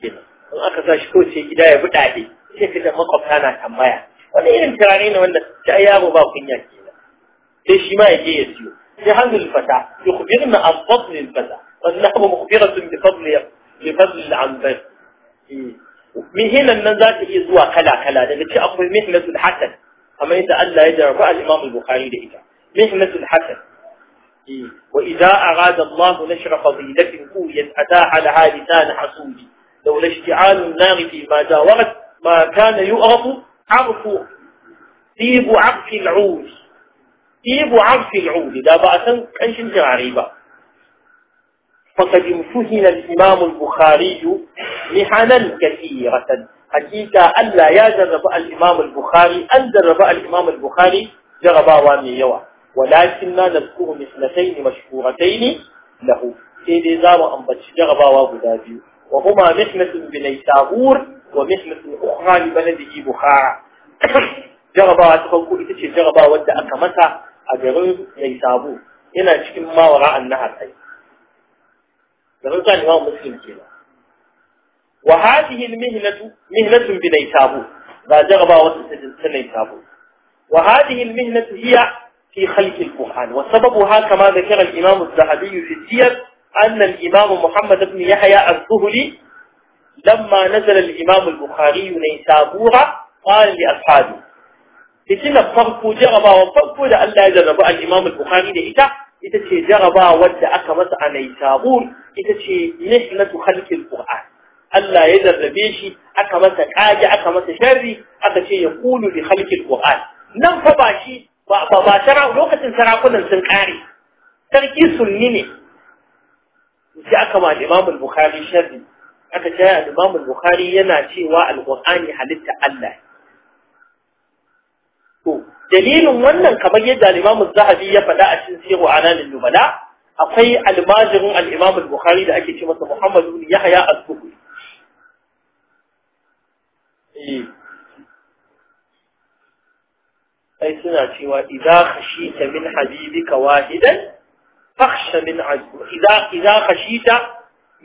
[SPEAKER 1] kenan in aka sa shi kawai sai gida ya buɗaɗe sai ka da makwabta na tambaya wani irin turare ne wanda ta yaro ba kunya ke sai shi ma ya je ya siyo جهاز الفتاة يخبرنا عن فضل الفتاة وأنه مخبرة بفضل بفضل العنبر إيه. من هنا النزاك يزوى كلا كلا لأن الشيء أقول مهنة الحسن أما إذا ألا يدرك الإمام البخاري لإجا مهنة الحسن إيه. وإذا أراد الله نشر فضيلة كوية أتاح لها لسان حسودي لو لاشتعال النار فيما جاورت ما كان يؤرف عرف طيب عرف العوش طيب عرف العود ده بقى كنش كنشن غريبة فقد امتهن الإمام البخاري محنا كثيرة حقيقة ألا يا جرب الإمام البخاري أن جرب الإمام البخاري جربا وامي يوا ولكننا نذكر مثلتين مشهورتين له سيدي زام أنبتش جربا وابدابي وهما محنة ساغور ومحنة أخرى لبلده بخارى jarabawa ta farko ita ce jaraba wadda aka masa a garin mai sabu yana cikin mawara an nahar ai garin sa limamu muslim kenan wa hadhihi al-mihnatu mihnatun bi naysabu ga jaraba wata ta naysabu wa hadhihi al-mihnatu hiya fi khalqi al-quran wa sababuha kama dhakara al-imam az-zahabi fi siyar أن الإمام محمد بن يحيى الزهري لما نزل الإمام البخاري نيسابورا قال لأصحابه na farko jarabawa farko da Allah ya jarrabu al-Imam al-Bukhari da ita ita ce jarabawar da aka masa a Naisabur ita ce mihnatu khalqil Qur'an Allah ya jarrabe shi aka masa kaji aka masa sharri aka ce ya kulu bi khalqil Qur'an nan fa ba shi ba ba tara lokacin sarakunan sun kare sarki sunni ne sai aka ma Imam al-Bukhari sharri aka ce Imam al-Bukhari yana cewa al-Qur'ani halitta Allah to dalilin wannan kamar yadda al-Imam zahabi ya faɗa a cikin Sirru Alalil Nubala akwai almajirin al-Imam al-Bukhari da ake ce masa Muhammad ibn Yahya az-Zuhri ai suna cewa idza khashita min habibika wahidan fakhsha min adu idza idza khashita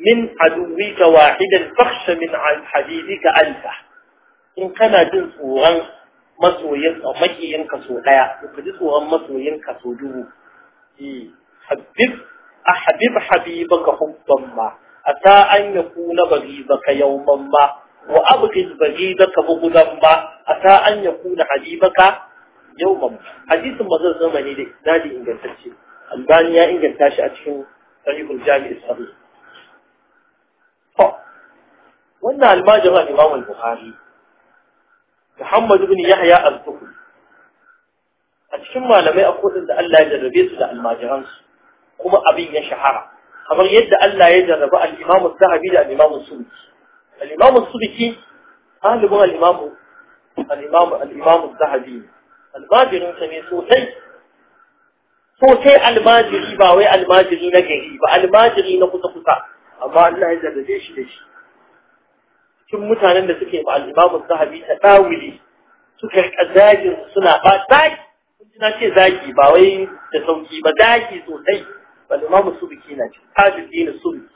[SPEAKER 1] min aduwika wahidan fakhsha min habibika alfa in kana jin tsoron masoyin uh, makiyin ka so daya ka ji tsohon masoyin ka so dubu eh, habib ahbib habibaka hubban ma ata an bari baka yawman ma wa ka baghibaka bughdan a ata an yakuna habibaka yawman hadisin mazan zamani da dadi ingantacce albani ya inganta shi a cikin sahihul jami'is sahih wannan almajirin imam al-bukhari Muhammad ibn Yahya al-Zuhri a cikin malamai akwai da Allah ya jarrabe su da almajiransu kuma abin ya shahara kamar yadda Allah ya jarraba al-Imam az-Zahabi da al-Imam as-Subki al-Imam as-Subki talibin al-Imam al-Imam al-Imam az-Zahabi almajirin sa ne sosai sosai almajiri ba wai almajiri na gari ba almajiri na kusa kusa amma Allah ya jarrabe shi da shi sun mutanen da suke ba al-imamu imam zahabi ta dawili suka rika suna ba dai kun ji na ce zagi ba wai da sauki ba zagi sosai ba Imam Subki na ce tajuddin subiki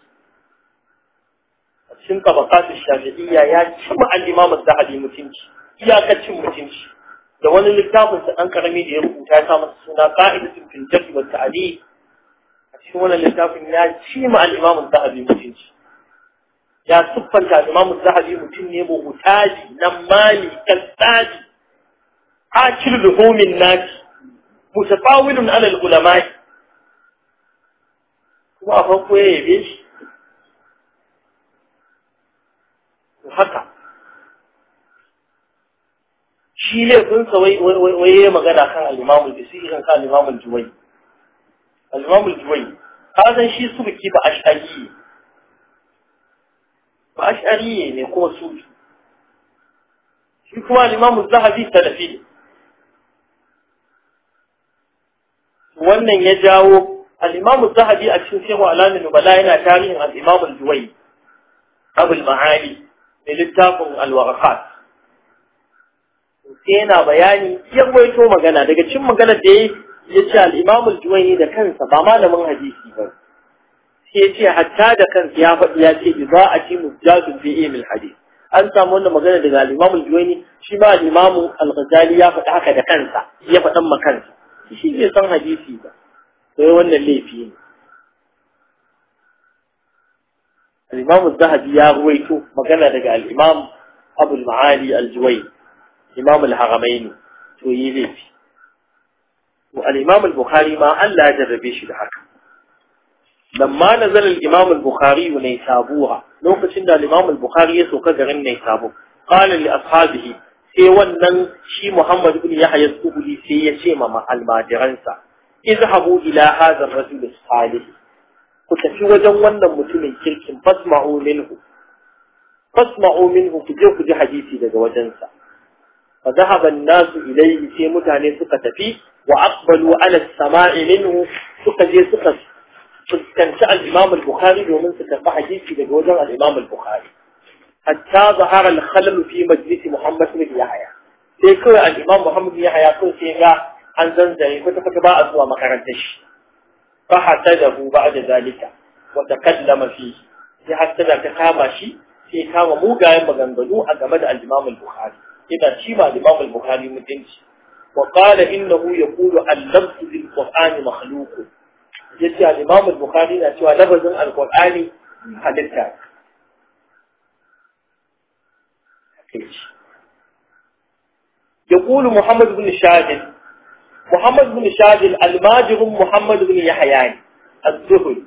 [SPEAKER 1] a cikin tabaqat shafi'iyya ya ci ma al-imamu imam zahabi mutunci iyakacin mutunci da wani littafin sa an karami da ya rubuta ya sa masa suna qa'idatul fiqh wa ta'dil a cikin wannan littafin ya ci ma al-imamu imam zahabi mutunci ya siffanta imamu zahabi mutum ne muhtaji nan mali kastaji akil luhumin naki mutafawilun alal ulama'i kuma a farko ya yabe shi haka shi laifinsa wai ya magana kan alimamul bisi kan kan alimamul juwai alimamul juwai ka san shi su biki ba ashari ba ne kuma sufi shi kuma al zahabi salafi ne wannan ya jawo al zahabi a cikin shehu alamin nubala yana tarihin al-imamu juwai abul da littafin Alwarkat. sai yana bayani ya gwaito magana daga cin maganar da ya ce al-imamu juwai da kansa ba malamin hadisi ba yace hatta da kansa ya faɗi ya ce ba a idza'ati mujadun fi ilmi hadith an samu wannan magana daga al-Imam al-Juwayni shi ma al-Imam al-Ghazali ya faɗa haka da kansa ya faɗan ma kansa shi ne san hadisi ba sai wannan laifi ne al-Imam az-Zahabi ya ruwaito magana daga al-Imam Abu al-Ma'ali al-Juwayni Imam al-Haramain to yi laifi to al-Imam al-Bukhari ma Allah ya jarrabe shi da haka لما نزل الإمام البخاري نيسابوها لوكشن دا الإمام البخاري يسوك زغن نيسابو قال لأصحابه سيوانا شي محمد بن يحيى السبلي سيشيما مع المادرنسا اذهبوا إلى هذا الرجل الصالح قلت في وجه وانا متمن كلك فاسمعوا منه فاسمعوا منه في جوك حديثي دا وجنسا فذهب الناس إليه في متعني فيه وأقبلوا على السماع منه سكة جي سكة كان سعى الإمام البخاري ومن ستفى حديث في دجوزة الإمام البخاري حتى ظهر الخلل في مجلس محمد بن يحيى سيكون الإمام محمد بن يحيى يقول سيكون عن زنزعي فتكتباء أسوى مقرنتش فحسده بعد ذلك وتكلم فيه في حتى لا تقام شيء سيكون موقعين مغنبلو أقمد الإمام البخاري إذا شما الإمام البخاري مدينش وقال إنه يقول اللبس للقرآن مخلوقه yace al-Imam al-Bukhari da cewa lafazin al-Qur'ani halitta يقول محمد بن شاذل محمد بن شاذل الماجر محمد بن يحيى الزهري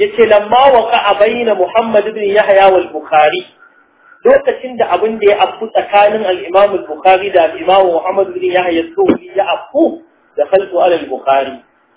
[SPEAKER 1] يتي لما وقع بين محمد بن يحيى والبخاري لوكا تند أبن دي أبو تكان الإمام البخاري دا الإمام محمد بن يحيى الزهري يأبو دخلت على البخاري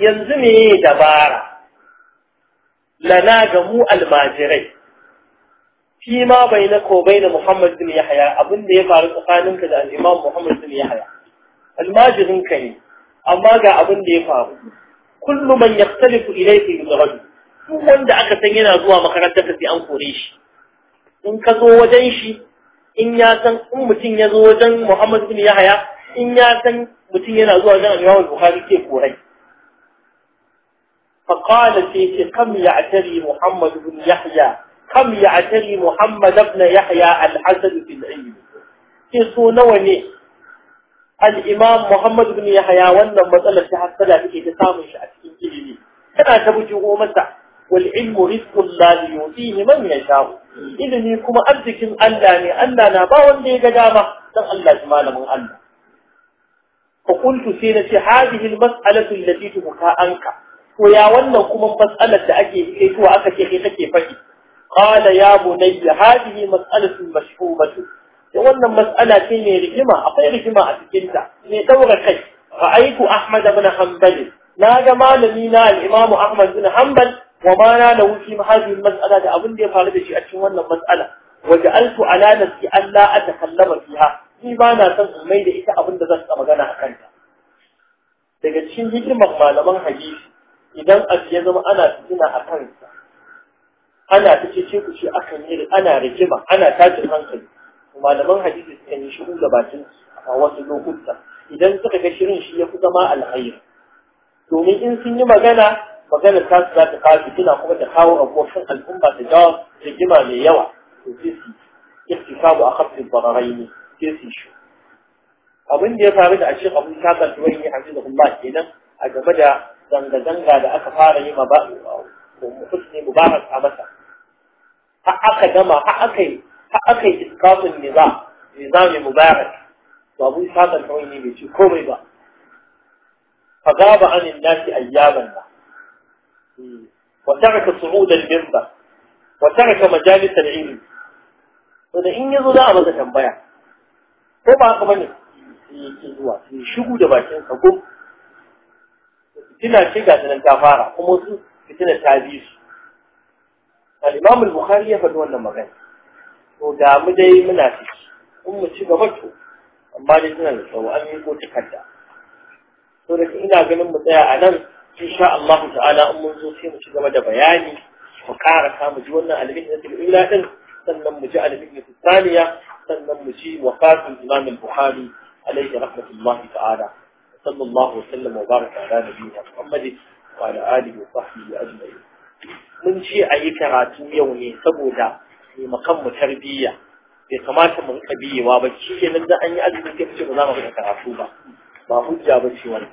[SPEAKER 1] yanzu me dabara lana ga mu almajirai fi ma bai na kobai da Muhammad bin Yahya abin da ya faru tsakaninka da al'imam Muhammad bin Yahya almajirin ka ne amma ga abin da ya faru kullu man yaktalifu ilayka yudradu duk wanda aka san yana zuwa makarantar sai an kore shi in ka zo wajen shi in ya san in mutum ya zo wajen Muhammad bin Yahya in ya san mutum yana zuwa wajen Imam Bukhari ke korai فقال في كم يعتري محمد بن يحيى كم يعتري محمد بن يحيى الحسن في العلم في سونوني الإمام محمد بن يحيى وانا مسألة حصلة في إتسام شعبين إلمي كان تبجه مسع والعلم رزق الله يؤتيه من يشاء إذن كما أبدك أنني أننا باون لي قدامة لن الله جمال من الله فقلت سينتي هذه المسألة التي تبكى أنك Koya ya wannan kuma matsalar da ake kai to aka ce kai kake faɗi qala ya bunayya hadhihi mas'alatun mashhubatu to wannan mas'ala ce mai rigima akwai rigima a cikin ta ne daura kai ra'aytu ahmad ibn hanbal na ga malami na al-imam ahmad ibn hanbal wa ma na lahu fi hadhihi mas'ala da abin da ya faru da shi a cikin wannan mas'ala waja'altu ala nafsi an la atakallama fiha ni ba na son in mai da ita abin da zan magana a kanta daga cikin hikimar malaman hadisi idan abu ya zama ana fitina a kansa ana ta ce ku ce akan yi ana rigima ana tashin hankali malaman hadisi suka yi shiru da bakin a wasu lokuta idan suka ga shirin shi ya fi zama alhairi domin in sun yi magana magana ta su za ta kawo fitina kuma ta kawo abokan al'umma da jawo rigima mai yawa to sai su ittifabu a kafin bararai ne sai su shi abin da ya faru da a cikin abu ta zartuwa ne a cikin kenan a game da zanga-zanga da aka fara yi ma husni mubarak a masa ha aka gama ha aka yi har aka yi iskafin nizam nizami mubarak to abu sakan kawai ne bai ci komai ba fa gaba anin nasi ayyaban ba wa taraka su'ud al-minbar wa taraka majalis al-ilm to da in yazo za a masa tambaya ko ba haka bane yake zuwa shi shigo da bakin ka gum fitina ce ga nan ta fara kuma su fitina ta bi su al al-bukhari ya faɗi wannan magana to da mu dai muna ciki in mu ci gaba to amma dai suna da tsawo an yi ko takarda to da ina ganin mu tsaya a nan insha Allah ta'ala in mun zo sai mu ci gaba da bayani mu ƙara ka mu ji wannan al-mihnatul ula din sannan mu ji al-mihnatul thaniya sannan mu wakafin wafatul imam al-bukhari alayhi rahmatullahi ta'ala صلى الله وسلم وبارك على نبينا محمد وعلى آله وصحبه أجمعين mun ce a yi karatu yau ne saboda mu tarbiyya bai kamata mu rika biyewa ba shi ke nan da an yi azumi sai ce ba za mu rika karatu ba ba hujja ba ce wannan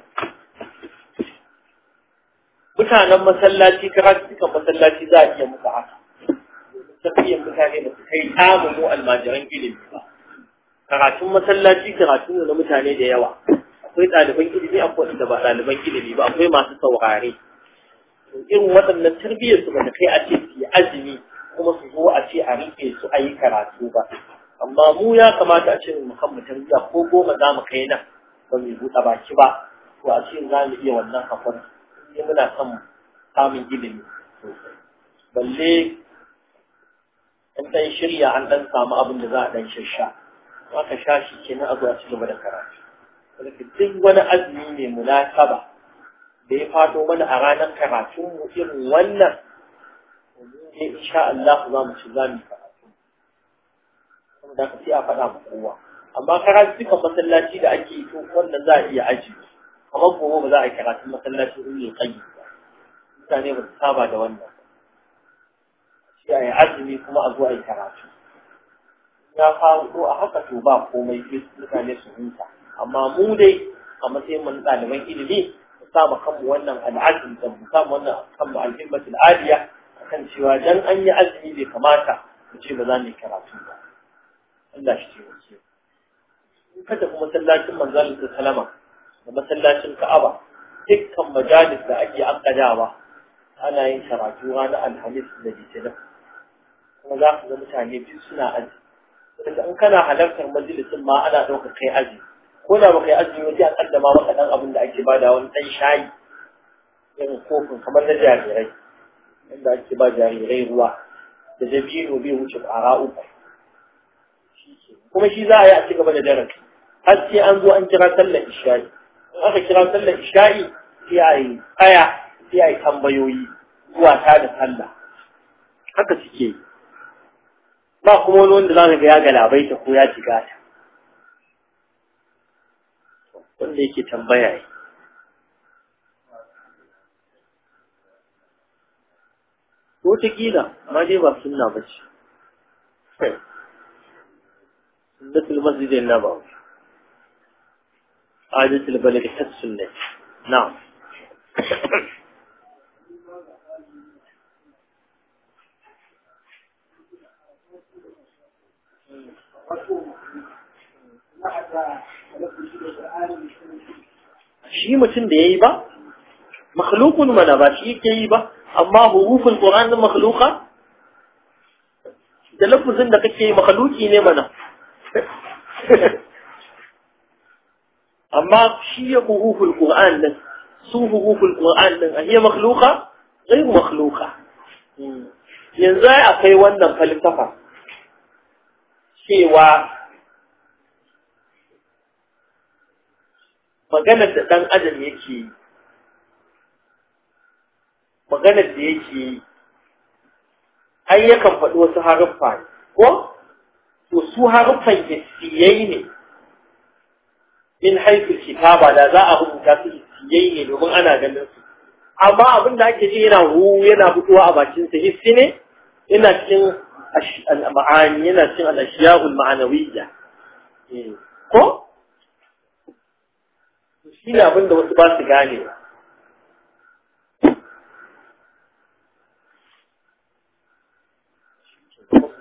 [SPEAKER 1] mutanen masallaci karatu dukan masallaci za a iya musu haka tafiyan mutane ba su kai tamu mu almajiran ilimi ba karatun masallaci karatu ne na mutane da yawa akwai ɗaliban ilimi akwai wanda ba ɗaliban ilimi ba akwai masu saurare irin waɗannan tarbiyyar su bata kai a ce su yi azumi kuma su zo a ce a rike su a yi karatu ba amma mu ya kamata a ce mu kan mu tarbiyya ko goma za mu kai nan ba mu buɗe baki ba to a ce za mu iya wannan kafar sai muna son samun ilimi balle an ɗan shirya an ɗan samu abin da za a ɗan shasha aka sha shi kenan a zuwa ci gaba da karatu duk wani azumi mai munasaba da ya fato mana a ranar karatunmu mu irin wannan domin dai insha Allah za mu ci za mu karatu kuma da sai a faɗa ma kowa amma karatu duka masallaci da ake yi to wannan za a iya aji kamar kuma ba za a yi karatun masallaci in ne kai mutane ba su saba da wannan sai a yi azumi kuma a zo a yi karatu ya faru a haka to ba komai mutane su huta amma mu dai a matsayin mun ɗaliban ilimi mu saba kanmu wannan al'adun da mu saba wannan kanmu al'himmatul aliya akan cewa dan an yi azumi bai kamata mu ce ba za mu yi karatu ba Allah shi ce wace in ka tafi masallacin manzalin da salama da masallacin ka'aba dukkan majalis da ake akadawa ana yin karatu ranar alhamis da litinin kuma za ka ga mutane biyu suna aji saboda in kana halartar majalisin ma ana ɗaukar kai aji ko da baka yi azumi ba sai a kaddama maka dan abin da ake bada wani dan shayi irin kofin kamar na jarirai inda ake ba jarirai ruwa da dabino bai wuce ƙara uku kuma shi za a yi a ci gaba da daren har sai an zo an kira sallar isha'i in aka kira sallar isha'i sai a yi tsaya sai a yi tambayoyi zuwa ta da sallah haka suke yi ba kuma wani wanda za ka ga ya galabaita ko ya jiga ta wanda yake tambaya ne ko ta kila ma dai ba sunna ba ce sunnatul masjidin nabawi عادة da كالسنة نعم Thank you. shi mutum da ya yi ba makhlukun mana ba shi ke yi ba amma hurufin qur'an makhluka da lafuzin da kake yi ne mana amma shi ya hurufin qur'an din hurufin ƙoranin qur'an din a iya makhluka ghayr makhluka yanzu akwai wannan falsafa cewa maganar da ɗan adam yake yi maganar da yake yi ai yakan faɗi wasu haruffa ko to su haruffan hissiyai ne min haifin kitaba da za a rubuta su hissiyai ne domin ana ganin su amma abin da ake ji yana hu yana fitowa a bakinsa hissi ne yana cikin al-ma'ani yana cikin al-ashiya'ul ma'anawiyya eh, ko shi ne abinda wasu ba su gane ba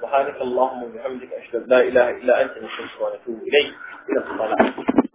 [SPEAKER 1] سبحانك اللهم وبحمدك أشهد أن لا إله إلا أنت نستغفرك ونتوب إليك إلى الصلاة